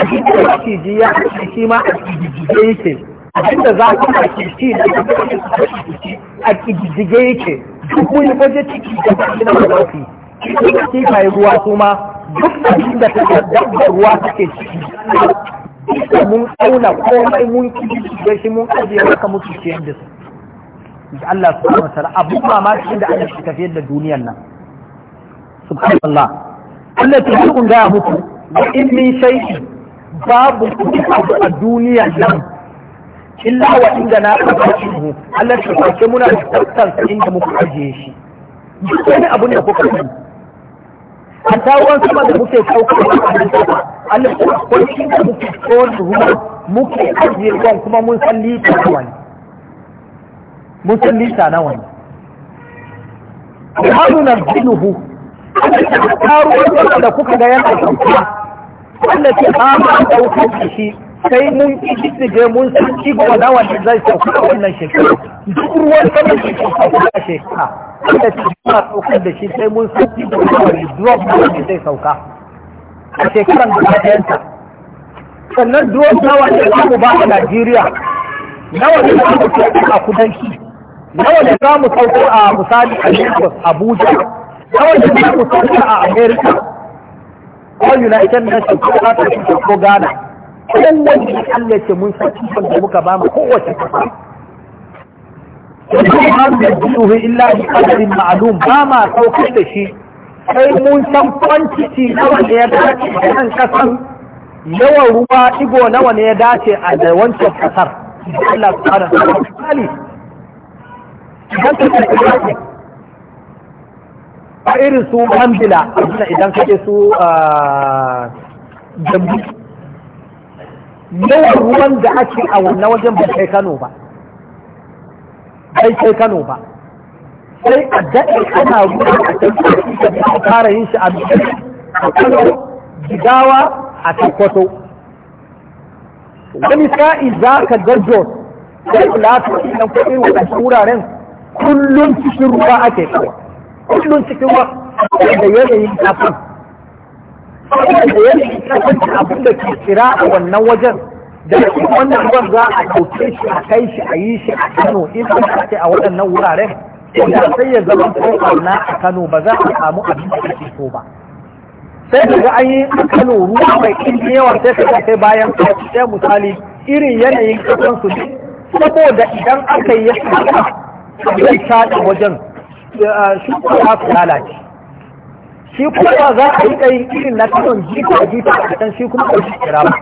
[SPEAKER 1] abin da yake ji ya shi ma a kijijige yake abin da za ku a kici da a kijijige yake duk wani waje ciki da ba shi na mazafi shi ka yi ruwa su ma duk abin da take da ruwa ke ciki da mun auna komai mun kijijige shi mun ajiye maka mutu ciyar da su da Allah subhanahu wa ta'ala abun mamaki da Allah shi tafiyar da duniyar nan subhanallah Allah ta kun ga mutu. in min shay'in babu abu a duniya nan illa wa inda na ɗauka shi Allah ta kwace muna da tattar inda muka ajiye shi duk wani abun da kuka yi an ta ruwan sama da muke sauka a cikin Allah ta kwace shi da muke tsohon ruwa muke ajiye ruwan kuma mun san lita nawa ne mun san lita nawa na
[SPEAKER 2] Alhamdulillah,
[SPEAKER 1] Allah ta ruwan sama da kuka ga yana sauka wanda ke ba daukar da shi sai mun kididdige mun san igwa da ne zai sauka a wannan shekara duk ruwan sama shi ke sauka a shekara wanda ke ba saukar da shi sai mun san igwa nawa ne drop zai sauka a shekaran da ta yanta sannan drop nawa ne za mu ba a Najeriya nawa ne za mu sauka a kudanci nawa ne za mu sauka a misali a Lagos Abuja nawa ne za mu sauka a America ko United Nations ko Qatar ko Ghana kowanne Allah ce mun san ikon da muka ba mu kowace kasa Imam da duhu illa bi qadarin ma'lum ba ma saukar da shi sai mun san quantity nawa ne ya dace da nan kasan yawan ruwa igo nawa ne ya dace a da wancan kasar Allah subhanahu wa ta'ala a irin su hambila idan kake su ah, jambu yawan ruwan da ake a wannan wajen bai kai kano ba bai kai kano ba sai a daɗe ana ruwa a cikin da fara yin shi a kano gidawa a takwato wani sa'i za ka garjo sai kula ta idan kuɗi waɗansu wuraren kullum cikin ruwa ake kawai kullum cikin wa da yanayin kafin da yanayin kafin da abin da ke kira a wannan wajen da cikin wannan ruwan za a ɗauke shi a kai shi a yi shi a kano in ba a ce a waɗannan wuraren da sai ya zama ko na a kano ba za a samu abin da ke so ba sai da ga an yi a kano ruwa mai ƙin yawa sai ka kai bayan sai misali irin yanayin kasansu ne saboda idan aka yi ya
[SPEAKER 3] zai shaɗa wajen
[SPEAKER 1] shuka ya fi lalace shi kuma za a yi kai irin na kanon jita jita a kan shi kuma a shi kira ba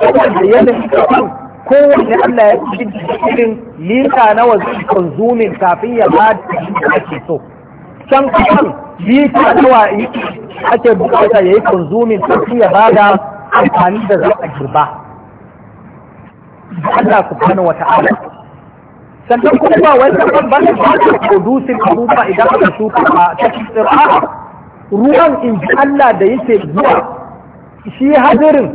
[SPEAKER 1] saboda yanayin kafin kowanne Allah ya fi irin lita nawa zai konzumin kafin ya ba da ake so can kasan lita nawa ake bukata ya yi konzumin kafin ya ba da amfani da za a girba Allah subhanahu wa ta'ala sannan kuma ba wai sannan ba ba su producing abubuwa idan aka shuka a cikin tsira ruwan in ji Allah da yake zuwa shi hadirin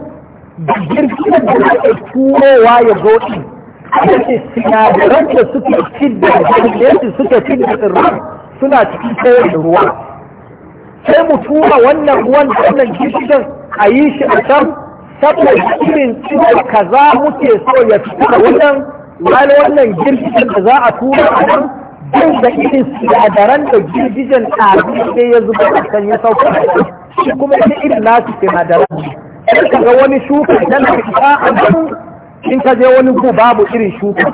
[SPEAKER 1] da girgin da ake turowa ya zo ɗin aka ce sinadaran da suke fidda da suke fidda tsirran suna cikin kowane ruwa sai mu tura wannan ruwan da wannan gishigan a yi shi a can saboda irin cikin kaza muke so ya fita da wannan wani wannan girgijen da za a tura a nan bai da irin sinadaran da girgijen ɗazi sai ya zuba a can ya sauka shi kuma ita irin nasu sinadaran sai ka ga wani shuka tana fita a nan in ka je wani ku babu irin shuka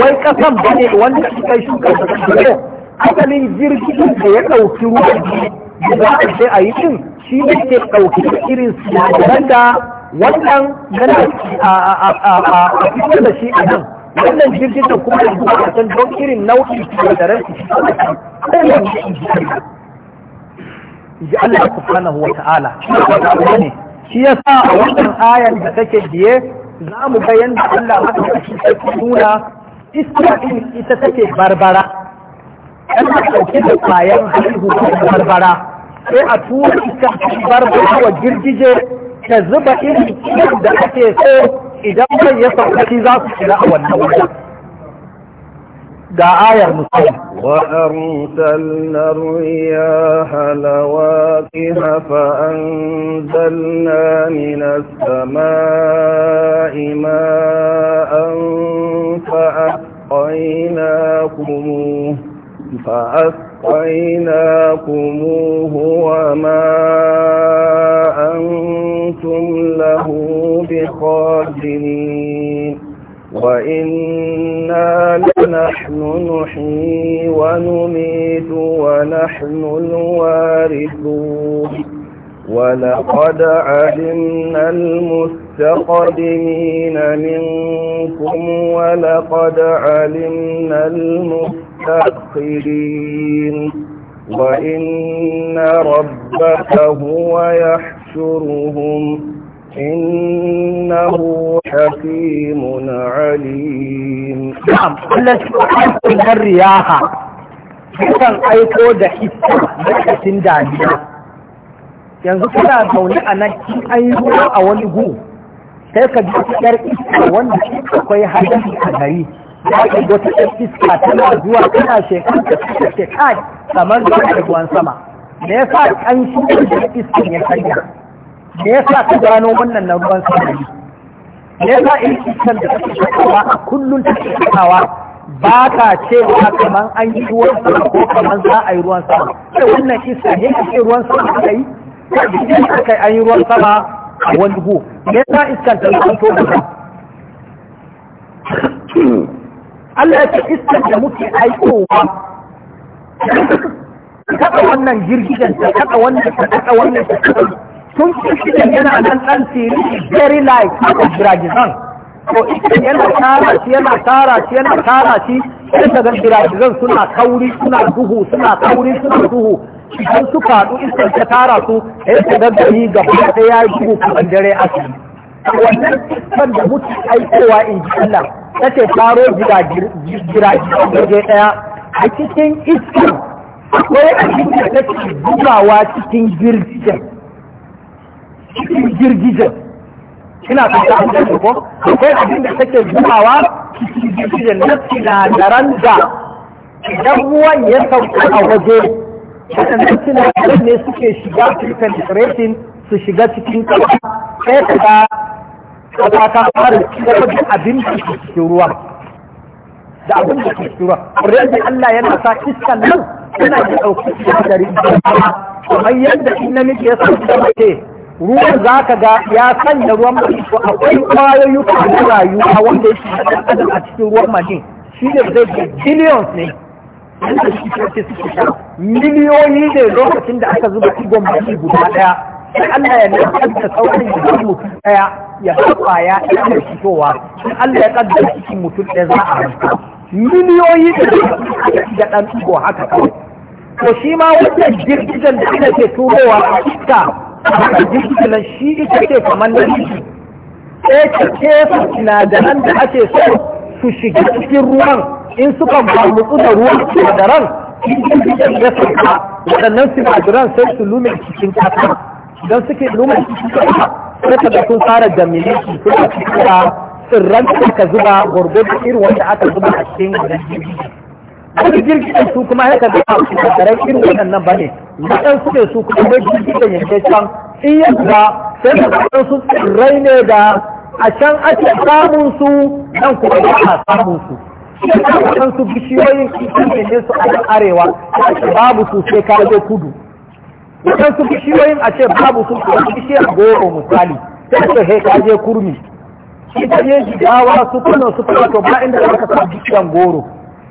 [SPEAKER 2] wai kasan ba ne wanda shi kai shuka da su
[SPEAKER 1] asalin girgijen da ya ɗauki ruwa da za a je a yi din shi ne ke ɗauki irin sinadaran da wannan yana a fitar da shi a nan wannan jirgin da kuma yanzu a can don irin nau'in turaren su shi a kan kowane ji Allah ya subhanahu wa wata ala, shi ya sa a wannan ayan da take biye za mu ga yadda Allah madaukakin sarki nuna iska ita take barbara yana ɗauke da kayan haihu barbara sai a tura iska barbara wa girgije Ka zuba irin da ake so idan bai ya sauƙaƙi za su shiga a wannan wajen
[SPEAKER 2] ga ayar musamman وأرسلنا الرياح لواقح فأنزلنا من السماء ماء فأحقيناكموه فأسقيناكموه وما أنتم له بخاجرين وإنا لنحن نحيي ونميت ونحن الوارثون ولقد علمنا المستقدمين منكم ولقد علمنا المستأخرين وإن ربك هو يحشرهم إنه حكيم عليم
[SPEAKER 1] نعم التي أحب
[SPEAKER 2] الرياح كان
[SPEAKER 1] أيكو دحيث لكتن دانيا yanzu kana zaune a nan in an yi ruwa a wani gu sai ka ji yar iska wanda akwai hadin a gari za ka ji wata iska tana zuwa kana shekar da suka ce kai kamar da ruwan sama me yasa an shi da iska ya karya me yasa ka gano wannan na ruwan sama ne me yasa in iskan da kake shakawa a kullum take shakawa ba ka cewa kamar an yi ruwan sama ko kamar za a yi ruwan sama sai wannan iska ne ke ruwan sama aka yi da aka yi an yi ruwan sama a wani gu me yasa iskan ta zanto ba? Allah ya ce iskan da muke aikowa kada wannan girgijen ta kada wannan ta kada wannan ta sun fi shi yana nan dan siri very light a Jirajizan. ko yana tara shi yana tara shi yana tara shi sai ka ga giragizan suna kauri suna duhu suna kauri suna duhu idan su faɗu iskar ta tara su sai ka ga gari gaba ɗaya ya yi duhu kamar dare asali wannan iskar da muke aikowa in ji Allah ta ce taro giragizan waje ɗaya a cikin iska akwai a cikin da take zubawa cikin girgijen cikin girgijen
[SPEAKER 2] son fata an gani ko akwai abin da take zubawa
[SPEAKER 1] da nafi na daren da idan ruwan ya sauka a waje
[SPEAKER 3] waɗannan suna
[SPEAKER 1] ne suke shiga cikin decoration su shiga cikin ƙasa sai ka ga ƙasa ta fara cikin da abin da ke cikin ruwa da abin da ke cikin ruwa already Allah yana sa iskan nan yana da ɗauki da dari kamar yadda in namiji ya sauka da mace ruwan za ka ga ya sanya ruwan mace to akwai kwayoyi na rayuwa wanda yake haɗa a cikin ruwan mace shi ne zai ce billions ne miliyoyi ne lokacin da aka zuba igon mace guda ɗaya sai Allah ya nufa da sauran da zai mutum ɗaya ya ga kwaya ɗaya fitowa sai Allah ya ƙaddara shi mutum ɗaya za a rantsa miliyoyi ne da ɗan igo haka kawai to shi ma wannan girgizan da aka ke turowa a iska haka jikin nan shi ita ce kamar da shi ce da sinadaran da ake so su shiga cikin ruwan in suka mamutsu da ruwan sinadaran cikin ya sauka waɗannan sinadaran sai su lume cikin ƙasa don suke lume cikin ƙasa sai da sun fara jamiliki suna cikin tsirran da aka zuba gwargwadon irin wanda aka zuba a cikin gwargwadon wani jirgin su kuma haka da su tattarai irin waɗannan ba ne waɗan su ne su kuma mai girgidan yanke can in yadda sai da waɗan su tsirrai ne da a can ake samun su nan kuma ba a samun su waɗan su bishiyoyin kitan ne su a nan arewa babu su sai ka kudu waɗan su bishiyoyin a ce babu su a bishiyar goro misali sai ka he ka je kurmi ita je jigawa su kano su kano to ba inda za ka sa bishiyan goro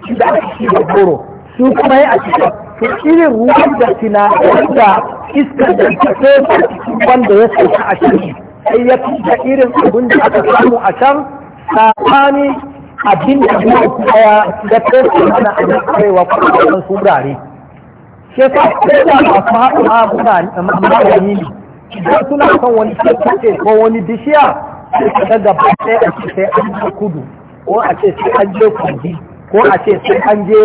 [SPEAKER 1] shi da aka shi da goro sun kuma ya a cikin to irin ruwan da sina da iskar da ta sosa wanda ya sosa a cikin sai ya fi da irin abin da aka samu a can sakani abin da ya kuma da sosa mana a nan arewa kuma da su rare shi ya sa ko da masu haɗu ma magani ne idan suna son wani tattace ko wani bishiya sai ka ga gaba sai a ce sai an kudu ko a ce sai an je kogi ko a ce sai an je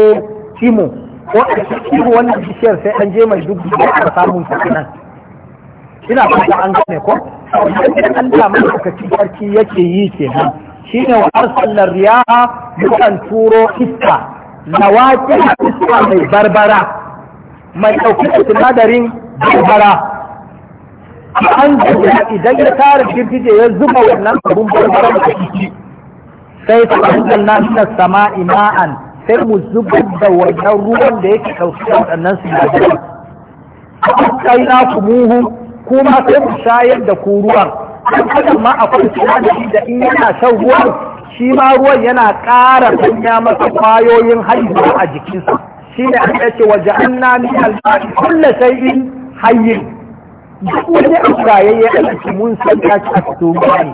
[SPEAKER 1] imu ko a ce imu wannan bishiyar sai an je mai duk da aka samu ta ina fata an gane ko idan Allah madaukaki sarki yake yi kenan shine wa arsalar riyaha mukan turo iska lawaki iska mai barbara mai ɗauki sinadarin barbara an idan ya tara girgije ya zuba wannan abun barbara a sai ta hankal na mina sama ima'an sai mu zubar da wannan ruwan da yake ɗauki da waɗannan sinadarai kai na ku muhu kuma sai mu shayar da ku ruwan hakan ma akwai sinadari da in yana shan ruwan shi ma ruwan yana ƙara sanya masa kwayoyin haihuwa a jikinsa shi ne an yace wa ja'anna min al-ma'i kullu shay'in hayyin duk wani abu da yayi a cikin mun san ya ci a cikin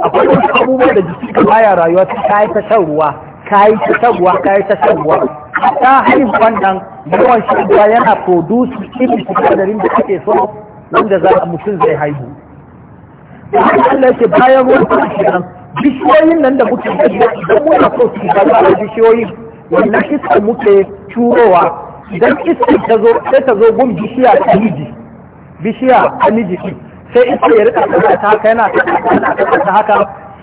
[SPEAKER 1] akwai wasu abubuwa da jiki ka baya rayuwa ta kayi ta shan ruwa kayi ta shan ruwa kayi ta shan ruwa ta harin wannan yawan shan ruwa yana produce irin sinadarin da ake so wanda za mutum zai haihu Allah yake bayan ruwan shi nan, bishiyoyin nan da muke gani idan muna so su za a bishiyoyi wannan iskar muke turowa idan iskar ta zo sai ta zo gun bishiya ta miji bishiya ta miji sai ita ya rika ta haka yana ta haka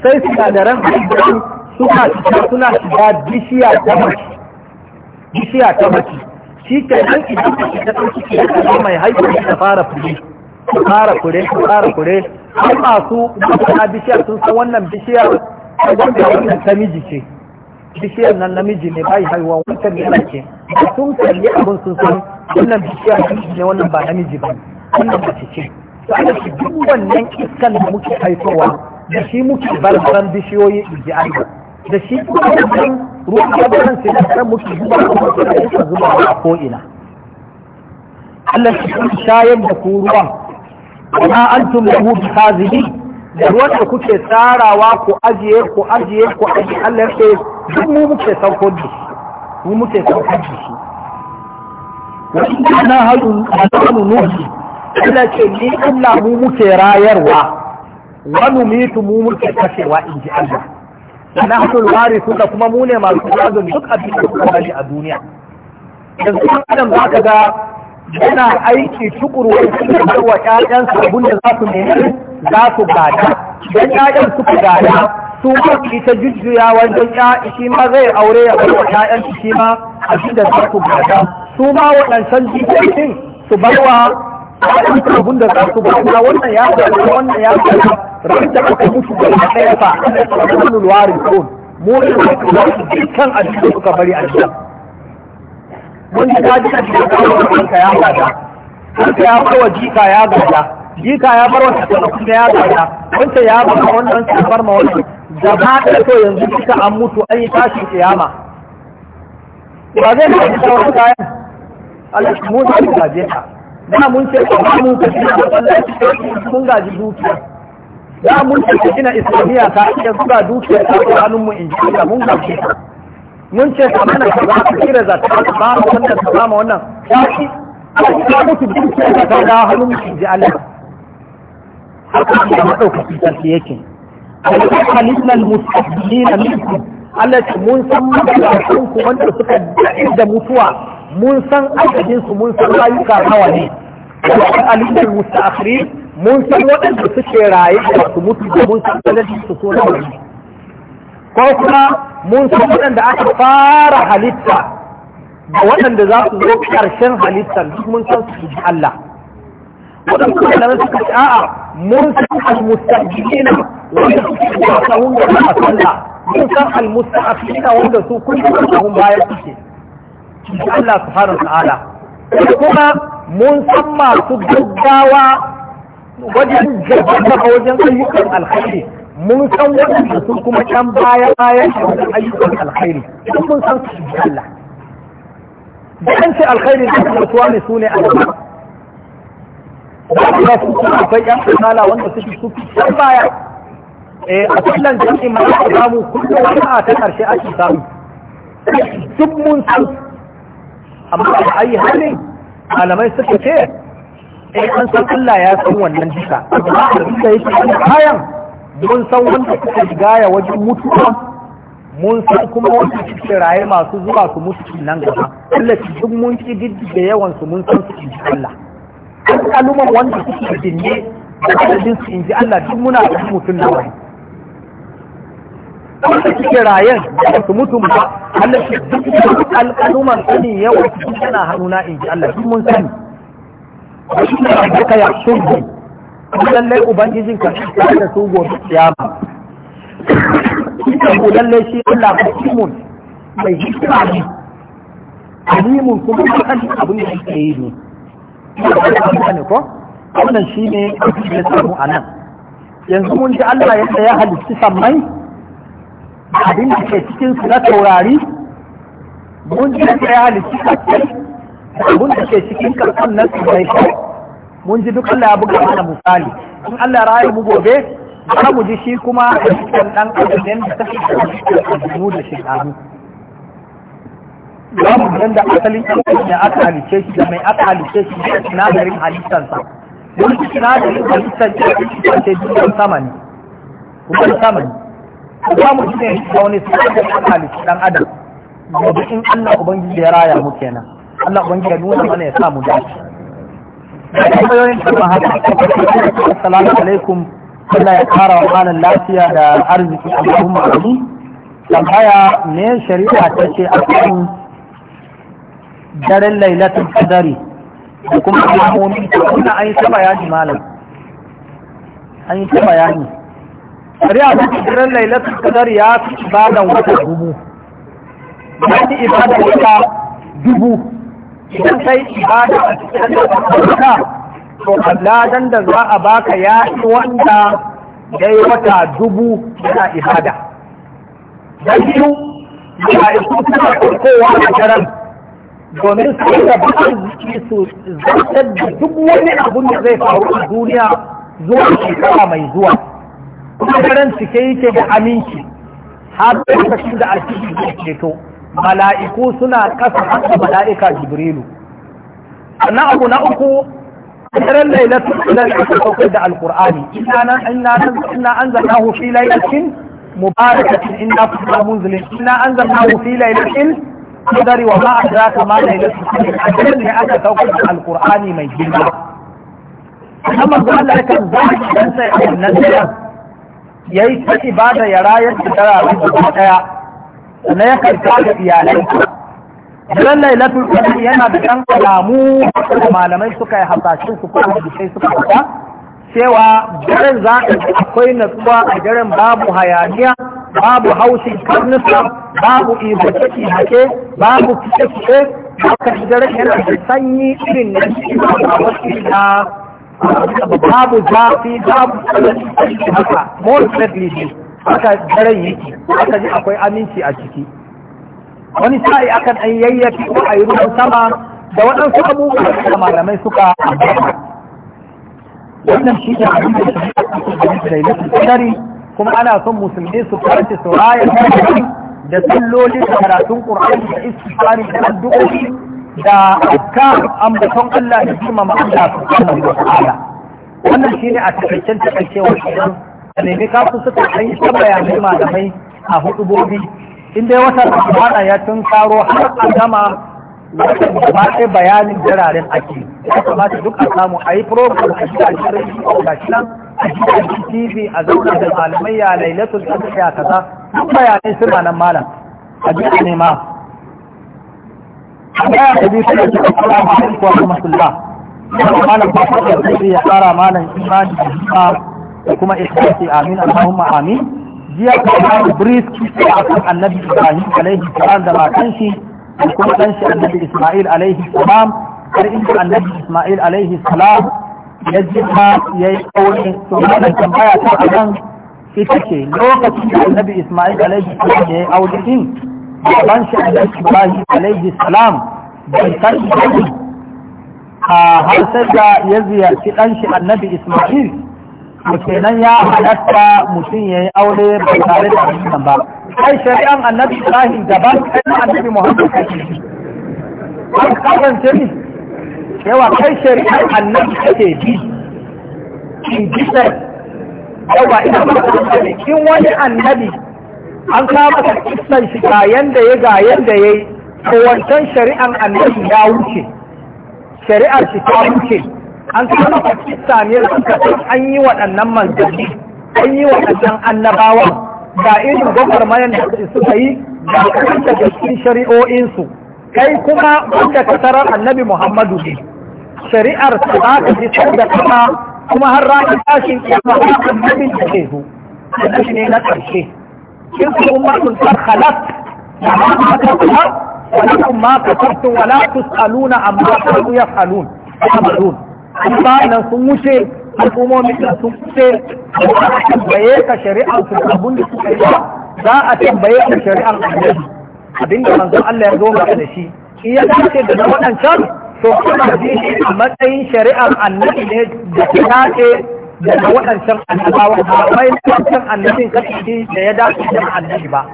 [SPEAKER 1] sai sinadaran hydrogen suna shiga suna shiga bishiya ta mace bishiya ta mace shi ke nan idan ta shiga ta ciki ya kama mai haihuwa ta fara fure ta fara fure ta fara fure har masu masana bishiyar sun san wannan bishiyar wanda wannan ta miji ce bishiyar nan namiji ne bai haihuwa wancan ne ke sun kalli abin sun san wannan bishiyar ne wannan ba namiji ba wannan mace ce to ana shi duk wannan iskan da muke haifowa da shi muke barbaran bishiyoyi inji Allah da shi kuma wannan ruwan gabaran sai da kan muke zuba kuma da yake zuba a ko ina Allah shi kun shayar da ku ruwan wa ma antum lahu bihazibi da ruwan da kuke tsarawa ko ajiye ko ajiye ko ajiye Allah sai duk mu muke sauko da shi mu muke sauko da shi wa inna nahnu nuhi Allah ce ni Allah mu muke rayarwa wa numitu mu muke kashewa in ji Allah wa nahnu al-warithun kuma mu ne masu gadon duk abin da kuma a duniya yanzu adam za ka ga yana aiki tukuru da wa ƴaƴansu abin da za su nemi za su gada idan ƴaƴan ku gada su ma ta jujjuya wajen ƴaƴa shi ma zai aure ya bar wa ƴaƴan shi ma abin da za su gada su ma waɗancan jikokin su bar wa wannan abun da za su ba wannan ya faru wannan ya faru ran da aka mutu da ɗaya fa wannan ulwari ko mu ne za su dukkan abin da suka bari a jiya
[SPEAKER 2] ta ji daji a cikin kanka ya
[SPEAKER 1] gada kanka ya bar wa jika ya gada jika ya bar wa kuma ya gada wanda ya bar wannan su bar ma wannan gaba da to yanzu duka an mutu an yi tashin kiyama ba zai da wani kayan al-musa da ta. da mun ce ba mu ka shi masallaci mun gaji dukiya
[SPEAKER 2] da mun ce ka gina islamiyya ka ake zuwa dukiya ta ko mu in ji Allah mun gaji
[SPEAKER 1] mun ce ka mana ka ba ka kira za ka ba mu wannan ka ba mu wannan ya shi ka mutu dukiya ka ta da hannun mu in ji Allah haka da madaukakin sarki yake halittar mustaqbilina minkum Allah mun san mutuwa kun wanda suka da mutuwa mun san adadin su mun san rayuka nawa ne wa alimin musta'akhirin mun san waɗanda suke raye da su mutu da mun san adadin su ko nawa ne ko kuma mun san waɗanda aka fara halitta da waɗanda za su zo ƙarshen halittar duk mun san su ji Allah
[SPEAKER 2] waɗanda suka da suka
[SPEAKER 1] ce a'a mun san al-mustaqbilina wanda suke da sahun da ba a sallah mun san al wanda su kullum da sahun baya suke Allah subhanahu ta'ala kuma mun san masu gaggawa wajen gaggawa wajen ayyukan alkhairi mun san waɗanda sun kuma can baya bayan wajen ayyukan alkhairi mun san su insha Allah da an ce alkhairi da kuma tuwa ne su ne a da kuma su kuma akwai yan kasala wanda suke su can baya eh, a sallan jami'in ma aka samu kullum wani a ta ƙarshe ake samu duk mun san amma ba ayi hali malamai suka ce in eh, an san Allah ya san wannan duka amma da yake wani kayan mun san wanda suka ya wajen mutuwa mun san kuma wanda suke raye masu zuwa su mutu nan gaba Allah ki duk mun ki diddi da yawan su mun san su inji Allah an kaluma wanda suke dinne da adadin su inji Allah duk muna da mutum na wani wanda suke rayen da su mutu ba Allah shi duk alƙaluman sani yau, su yana hannuna in ji Allah duk mun sani shi ne duka ya shirgi lallai ubangijin ka shi da su gobe kiyama ku lallai shi Allah hakimun mai hikima ne alimun kuma kan abin da yake yi ne ko wannan shi ne abin da samu a nan yanzu mun ji Allah yadda ya halitta sammai abin da ke cikin su na taurari mun ji da ya halitta kakai abin da ke cikin karfan nan su bai kai mun ji duk Allah ya buga mana misali in Allah ya rayu mu gobe za mu ji shi kuma a cikin dan adam da ta fi da mu da shi amu za mu ga da asalin dan adam ne aka halice shi da mai aka halice shi da sinadarin halittarsa wani sinadarin halittar ce a cikin sama ne kuma sama ne
[SPEAKER 2] za mu ji ne da
[SPEAKER 1] wani sai da halitta dan adam gobe in Allah ubangiji ya raya mu kenan Allah ubangiji ya nuna mana ya sa mu dace
[SPEAKER 3] tambayoyin kuma haka assalamu
[SPEAKER 1] alaikum Allah ya kara wa malan lafiya da arziki Allahumma amin tambaya ne shari'a ta ce a cikin daren lailatul qadari da kuma alamomi da kuma an yi ta bayani malam an yi ta bayani bari a cikin daren lailatul qadar ya fi ibadan wata dubu ya fi ibadan wata dubu idan kai ibada a cikin wata to ladan da za a baka ya fi wanda ya yi wata dubu yana ibada da biyu ya isu suna kowa a daren domin su da bakin jiki su zartar da duk wani abun da zai faru a duniya zuwa shekara mai zuwa kuma daren cike yake da aminci har lokacin da alfiji zai ceto mala'iku suna ƙasa haka mala'ika jibrilu sannan abu na uku
[SPEAKER 2] daren lailatul qadr aka saukar
[SPEAKER 1] da alqur'ani inna nan inna nan inna anzalnahu fi lailatin mubarakatin inna kunna munzilin inna anzalnahu fi lailatin qadr wa ma adraka ma lailatul qadr ajalan ne aka saukar da alqur'ani mai girma amma Allah ya kan zaki dan sai annan ya yi ta ibada ya rayar da a guda ɗaya na ya karɓa da iyalai Jiran lailatul qadr yana da ɗan alamu da malamai suka yi hasashen su ko hadisai suka fita cewa daren za a akwai natsuwa a daren babu hayaniya babu haushin karnuka babu izace hake babu fice fice haka daren yana da sanyi irin na babu zafi babu tsanani haka more definitely haka daren yake haka ji akwai aminci a ciki wani sa'i akan an yayyafi ko a yi ruwan sama da waɗansu abubuwa da malamai suka wannan shi ne abin da shi da lailatul kuma ana son musulmi su karanta surayar da sallolin karatun ƙur'ani da istighfari da addu'o'i da dukkan ambaton Allah da girmama Allah subhanahu wa ta'ala wannan shi ne a takaicen wa kenan A nemi su suka kai ta bayanai malamai a hudu in dai wata ramadana ya tun karo har a gama wannan bayanin jiraren ake ya kamata duk a samu a yi program a gida a shirin gashi nan a gida tv a zauna da malamai ya lailatul qadr ya kaza duk bayanai su nan malam a gida ne ya tabi suna ce assalamu alaikum wa rahmatullah malam ba ku da zai ya fara malam imani da hikma da kuma ikhlasi amin allahumma amin jiya ka ba brief kisa akan annabi ibrahim alaihi salam da matan shi da kuma dan shi annabi isma'il alaihi salam har inda annabi isma'il alaihi salam ya ji ta yi kawai to malam tambaya ta akan ita ce lokacin da annabi isma'il alaihi salam ya yi aure din gaban shi annabi ibrahim alaihi salam bai san shi a harsar da ya ziyarci dan shi annabi isma'il to kenan ya halatta mutum ya yi aure ba tare da wannan ba kai shari'an annabi ibrahim daban kai na annabi muhammad an kasance ni yawa kai shari'an annabi kake bi in ji yawa ina ba in wani annabi an kama ta kisan shi ga yanda ya ga yanda ya yi shari'an annabi ya wuce shari'ar shi ta wuce an kama ta kisa ne suka an yi waɗannan manzanni an yi waɗannan annabawan ga irin mayan da suka yi da kan da cikin shari'o'insu kai kuma wanda ka tarar annabi muhammadu ne shari'ar ta za ka ji sau da kuma, kuma har ranar tashin kiyama ba annabin da ke zo shi ne na ƙarshe تلك أمة قد خلت وما كتبتها ولكم ما كتبتم ولا تسألون عما كانوا يفعلون يعملون أمانا سموشي al'ummomin da sun fice za a tambaye ka shari'ar su abun da suka yi za a tambaye ka shari'ar annabi abin da Allah ya zo maka da shi in ya dace da na waɗancan to kuma shi a matsayin shari'ar annabi ne da ta daga waɗancan annabawa ba bai waɗancan annabin kashi da ya dace da annabi ba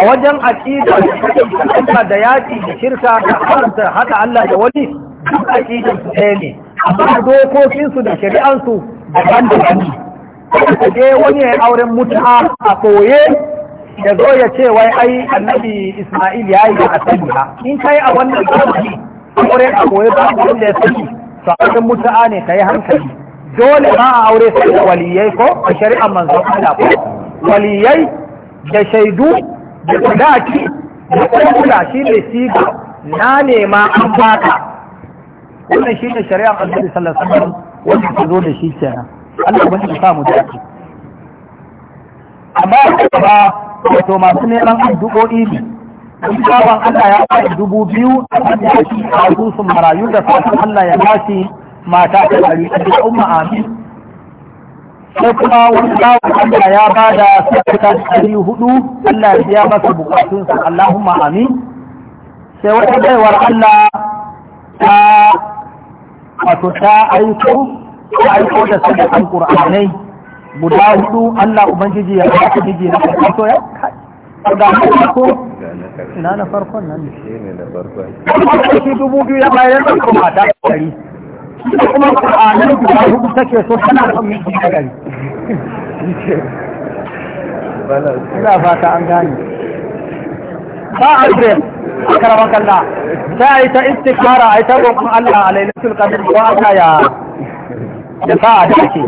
[SPEAKER 1] a wajen aƙida da da yaki da shirka da haramta Allah da wani duk aqidan su ɗaya ne amma dokokinsu da shari'ansu da ban da wani je wani ya auren mutu'a a koye ya zo ya ce wai ai annabi Isma'il ya yi a sani ba in kai a wannan zamani aure a koye ba wanda ya sani to auren mutu'a ne yi hankali dole ba a aure su da waliyai ko a shari'a manzo Allah ko waliyai da shaidu da sadaki da kula shi ne siga na nema an baka wannan shi ne shari'a annabi sallallahu alaihi wasallam wanda ta zo da shi kenan Allah ba shi samu shi amma ba wato masu neman addu'o'i ne Sabon Allah ya ba dubu biyu a cikin yashi a asusun marayu da fatan Allah ya bashi mata ta bari a umma amin sai kuma wani Allah ya ba da sadaka ɗari hudu Allah ya biya masa bukatunsa Allahumma amin sai wata baiwar Allah ta wato ta aiko ta aiko da sadakan Qur'anai guda hudu Allah ubangiji ya ba ta biji na farko ya da na na farkon nan ne na dubu biyu ya bayar da ta da kuma ƙwa'anin ku da hudu take so tana son miji da gari ina fata an gani. ba a zai a karaban kalla za a yi ta istikara a yi ta roƙon Allah a lailatul qadr ko aka ya ya sa a dace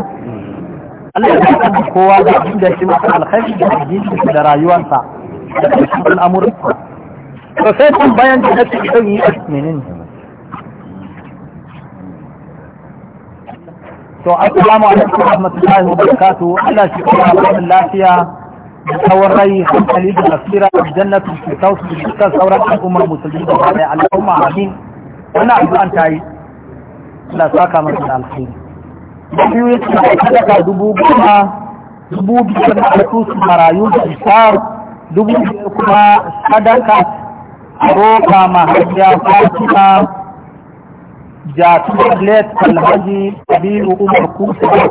[SPEAKER 1] Allah ya san kowa da abin da shi masa alkhairi da addini da rayuwarsa da al'amuransa to sai tambayan da nake son yi a menene to assalamu alaikum rahmatullahi wa barakatuh Allah shi kuma lafiya da tsawon rai hankali da tafsira a jannatu da tausu da dukkan sauran al'ummar musulmi da ba da al'umma amin wani addu'an ta yi Allah saka masa da alkhairi da biyu ya ce dubu goma dubu biyar da asusu marayu da isar dubu biyar kuma sadaka a roƙa mahaifiya jatumar late alhaji kabiru umar kusa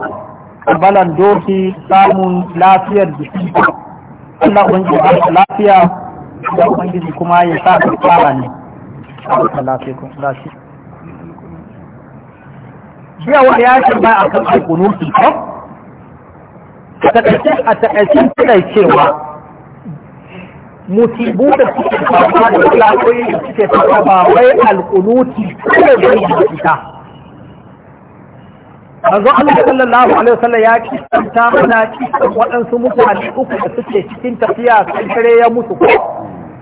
[SPEAKER 1] kabalan doki samun lafiyar jiki Allah ubangiji ba shi lafiya da ubangiji kuma ya sa ka fara ne Biyawa ya ce ba a kan alƙunuki, a taƙaicin taƙaicin cewa Muti buɗe suke fama da kulakoyi da suke fama ba wai alƙunuti kuma zai yi ita manzo Allah sallallahu alaihi wasallam ya kistanta mana kistan waɗansu mutane uku da suke cikin tafiya sai kare ya mutu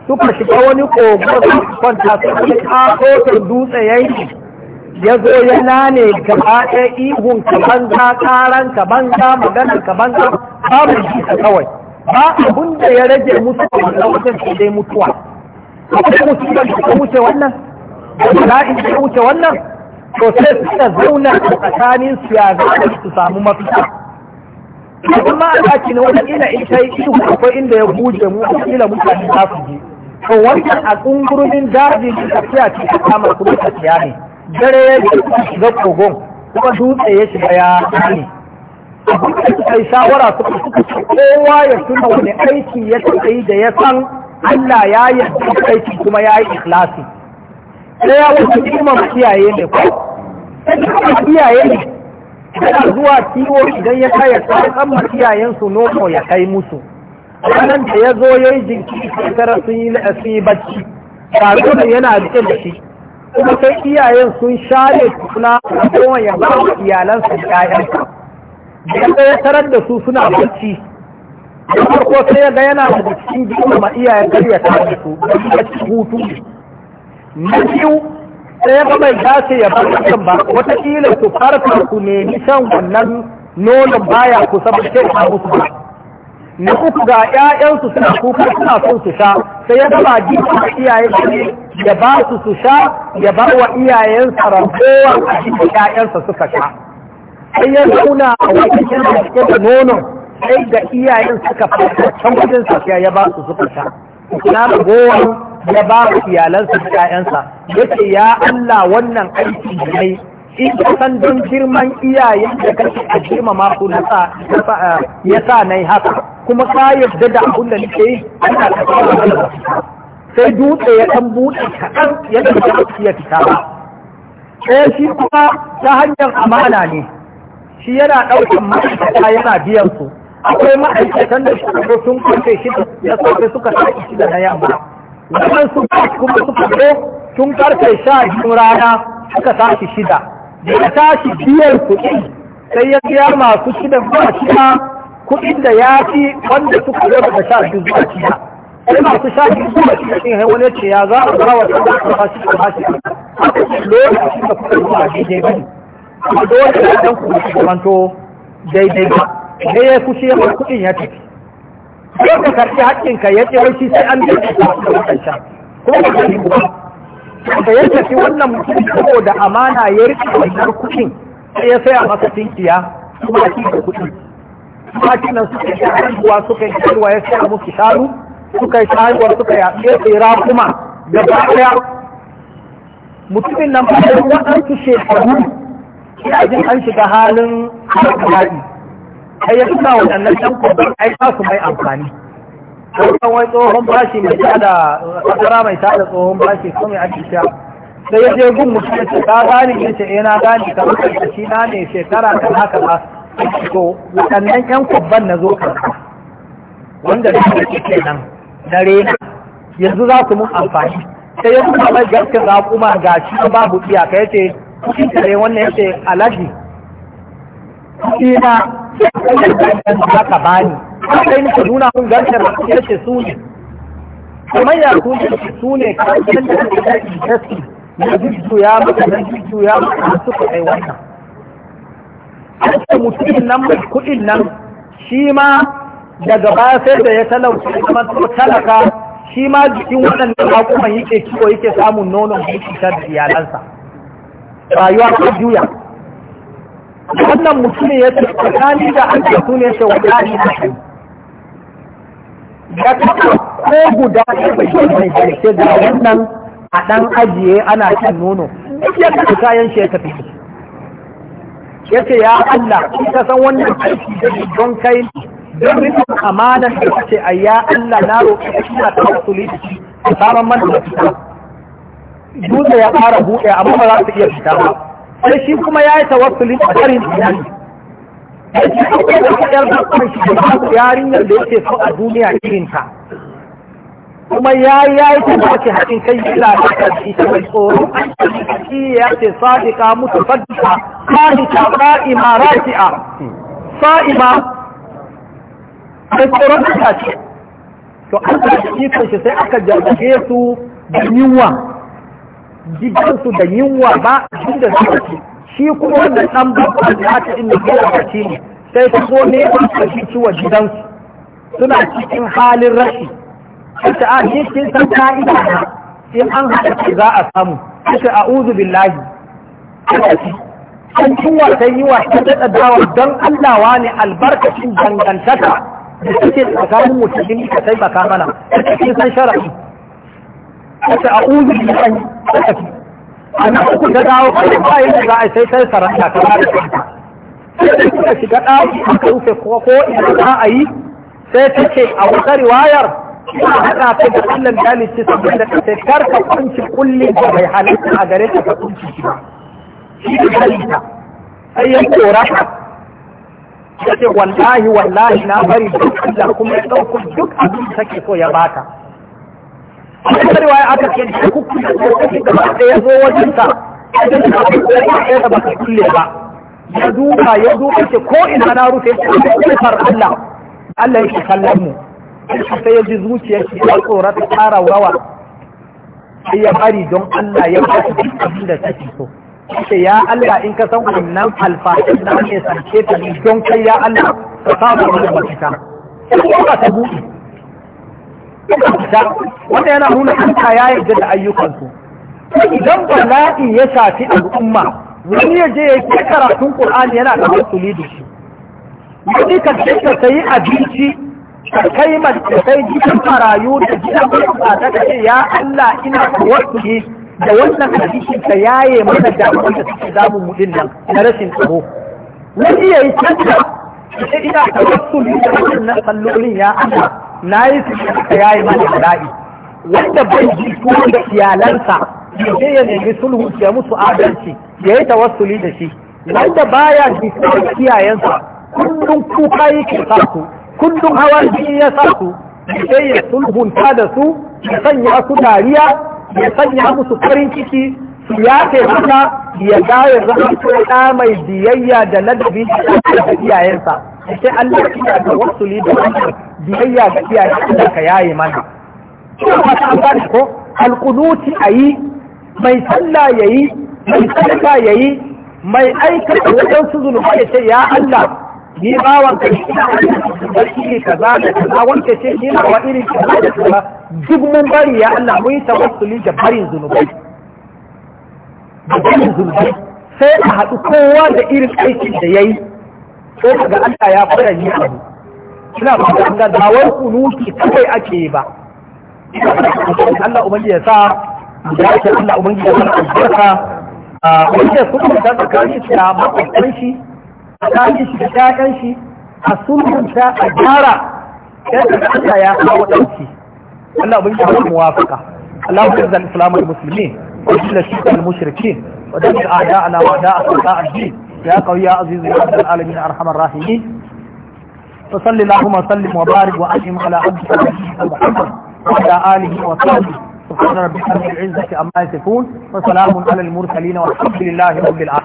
[SPEAKER 1] suka shiga wani kogo da kwanta su ne kafotar dutse yanki ya zo ya nane gaba ɗaya ihun ka banza ƙaran ka banza maganar ka banza babu jisa kawai ba abun da ya rage musu a wannan wajen su dai mutuwa akwai su da ta wuce wannan
[SPEAKER 2] bala'in da ta
[SPEAKER 1] wuce wannan to sai suka zauna a tsakanin su ya a su samu mafita idan ma a ɗaki na wani ina in kai ihu akwai inda ya buje mu a kila mutane za su je to wannan a tsungurumin daji ne tafiya ce ta kama kuma tafiya ne dare ya shiga kogon kuma dutse ya shiga ya ne sai shawara suka kowa ya tuna wani aiki ya tsaye da ya san Allah ya yi aiki kuma ya yi ikhlasi sai ya wasu imam kiyaye ne ko sai kiyaye ne yana zuwa kiwo idan ya kai ya kai kan kiyayensu nono ya kai musu ranar da ya zo ya yi jinki shekara sun yi la'asi bacci tare da yana rike da shi kuma sai iyayen sun share tukuna a kowane ya ba iyalansa da 'ya'yansa Daga ya tarar da su suna barci da farko sai ga yana da cikin iya ya karya ta da su da cikin hutu na biyu sai ya mai dace ya bar kan ba watakila su farka ku nemi nishan wannan nonon baya ku saboda sai ta musu ba na uku ga 'ya'yansu suna kuka suna son su sha sai ya gaba gina iyayen ya ba su su sha ya ba wa iyayensa rantowar a cikin 'ya'yansa suka sha sai ya zauna a wata yana da nono sai da iyayen suka fata can kudin safiya ya ba su suka sha na ragowa ya ba su iyalansa da ƴaƴansa yace ya Allah wannan aiki da mai in ka san don girman iyayen da kake a girmama su na sa eh, ya sa yi haka kuma ka yarda da abun da nake yi Allah ka sai dutse ya kan buɗe kaɗan yadda ya ya fita ba sai shi kuma ta hanyar amana ne shi yana ɗaukan ma'aikata yana biyan su
[SPEAKER 2] akwai ma'aikatan
[SPEAKER 1] da suka sun kwace shi da safe suka sake shi da na yamma wannan su kuma suka zo tun karfe sha biyu rana suka tashi shida da ya tashi biyan kuɗi sai ya biya masu shida zuwa shida kuɗin da ya fi wanda suka zo daga sha biyu zuwa shida sai masu sha biyu zuwa shida sun hai wani ce ya za a zara wa ta ba shi ba shi a lokacin da kuka zuwa daidai ba a dole da ɗan kuɗi su zamanto daidai ba sai ya kushe ya kuɗin ya tafi ko ka karɓi haƙƙinka ya ce wai shi sai an daidai da wancan kuma ka karɓi kuma da ya tafi wannan mutum saboda amana ya riƙe wannan kuɗin sai ya saya masa tinkiya kuma a cikin kuɗi kuma kinan suka yi haihuwa suka yi haihuwa ya saya musu shanu suka yi haihuwa suka yi ya tsira kuma Gaba ɗaya mutumin nan ba da waɗansu shekaru ina jin an shiga halin haɗi sai ya suna waɗannan ɗan kuɗin ai za su mai amfani
[SPEAKER 2] kan wani tsohon bashi mai
[SPEAKER 1] sa da ƙasara mai sa da tsohon bashi ko mai ake sha sai ya je gun mutum ya ce ka gane ya ce eh na ka mutum shi na ne shekara ka na kaza to waɗannan ƴan kubban na zo karka wanda da ke kenan na rena yanzu za su mun amfani sai ya kuma mai gaske za kuma ga shi babu iyaka ya ce kuɗin kare wannan yace alaji ina da ka bani kai ni ka nuna mun gantar yace su ne kamar ya ku su ne kai da kake na jujjuya maka na jujjuya maka da suka kai wannan an mutumin nan mai kuɗin nan shi ma daga baya sai da ya talauta ya zama talaka shi ma jikin waɗannan hakuman yake kiwo yake samun nonon yake da iyalansa rayuwa ta juya wannan mutum ya ce tsakani da an su ne ce wallahi na shi ya taɓa ko guda ya bai mai karshe da wannan a ɗan ajiye ana cin nono ya tafi kayan shi ya tafi ya ce ya Allah ka san wannan aiki da don kai don rikin amanar da ce a ya Allah na roƙi na ta wasuli da shi a saman mana da fita dutse ya fara buɗe amma ba za su iya fita ba sai shi kuma ya yi tawassulin a karin iyali da shi kuma da kiyar zakon shi da babu yarinyar da yake so a duniya irin ta kuma ya yi ya yi ta bace haɗin kai yana da ƙarfi ta mai tsoro shi ya ce sadiqa mutasaddiqa qadita qa'ima rafi'a sa'ima sai tsoron ta ce to an ta shi sai aka jarrabe su da yunwa gidansu da yunwa ba inda da ci shi kuma wannan ɗan babban da aka inda gina ci ne sai ta ko ne ba ta ci gidansu suna cikin halin rashi ita a kin san ka'ida na in an haɗa ci za a samu ita a uzu billahi aka ci an ciwa ta yi wa ta daɗa dawa don Allah wa ne albarkacin dangantaka da suke tsakanin mutum ka taimaka mana ita kin san shara'i kace a'udhu billahi kace
[SPEAKER 2] ana uku da dawo kai ba yin da ai
[SPEAKER 1] sai sai saranta ta ba sai kuka shiga dawo ka rufe ko ko idan za a yi sai ta ce a wata riwayar ina hada ta da Allah dalici saboda ka sai karka kunci kulli da bai halatta a gare ka ka kunci shi ba shi da halitta sai ya tsora ya ce wallahi wallahi na bari duk Allah kuma ya ɗauko duk abin da take so ya baka a cikin riwaya aka ce da kuku da kuku gaba da ya zo wajen sa idan da kuku da ya ba ka kulle ba ya duka ya duka ce ko ina na rufe shi far Allah Allah yake kallon mu sai ya ji zuciyar shi ya tsora ta fara rawa sai ya bari don Allah ya ba shi abin da take so ce ya Allah in ka san wannan alfashin na ne sanke ta don kai ya Allah ka samu wani mafita sai ka ta buɗe wanda yana nuna hanta ya yarda da ayyukansu idan bala'i ya shafi al'umma wani ya je ya ke karatun qur'ani yana da hankali da shi wani ka je ka sayi abinci ka kai mace sai gidan marayu da gidan mutane ta ce ya Allah ina wasu tawassuli da wannan hadisi ka yaye mana damuwar da suke damun mu nan na rashin tsaro wani ya yi canza sai ina tawassuli da wannan sallolin ya Allah na yi su ya yi mana bala'i wanda bai ji su da iyalansa sai ya nemi sulhu ya musu adalci ya yi tawassuli da shi wanda baya ji su da kiyayensa kullum kuka yake sa su kullum hawan jini ya sa su sai ya sulhunta da su ya sanya su dariya ya sanya musu farin ciki su yafe mata ya dawo zama ɗa mai biyayya da ladabi da iyayensa sai Allah ina da wasuli da wannan biyayya ga iyaye Allah ka yaye mana Kina ba an gane ko a yi mai sallah yi, mai ya yi, mai aikata wajen su zunuba ya ce ya Allah ni bawan ka ina da ka za da za wanke ce ni na wa irin kaza da kaza duk mun bari ya Allah mu yi tawassuli da barin zunubai da barin zunubai sai a haɗu kowa da irin aikin da ya yi. ko ga Allah ya fara ni abu ina ba ta ga dawar kunuti kai ake ba Allah ubangiji ya sa da ake Allah ubangiji ya sa albarka a wanda kuma da tsakanin shi da makwabtan shi shi da ƴaƴan shi a sa a gyara yadda Allah ya kawo ɗauki Allah ubangiji ya muwafaka Allah ubangiji ya islamu al-muslimin wa illa shi al-mushrikin ودمر أعداءنا وأعداء أعداء الدين يا قوي يا عزيز يا رب العالمين ارحم الراحمين فصل اللهم وسلم وبارك وانعم على عبدك ونبيك محمد وعلى اله وصحبه سبحان ربك رب العزه عما يصفون وسلام على المرسلين والحمد لله رب العالمين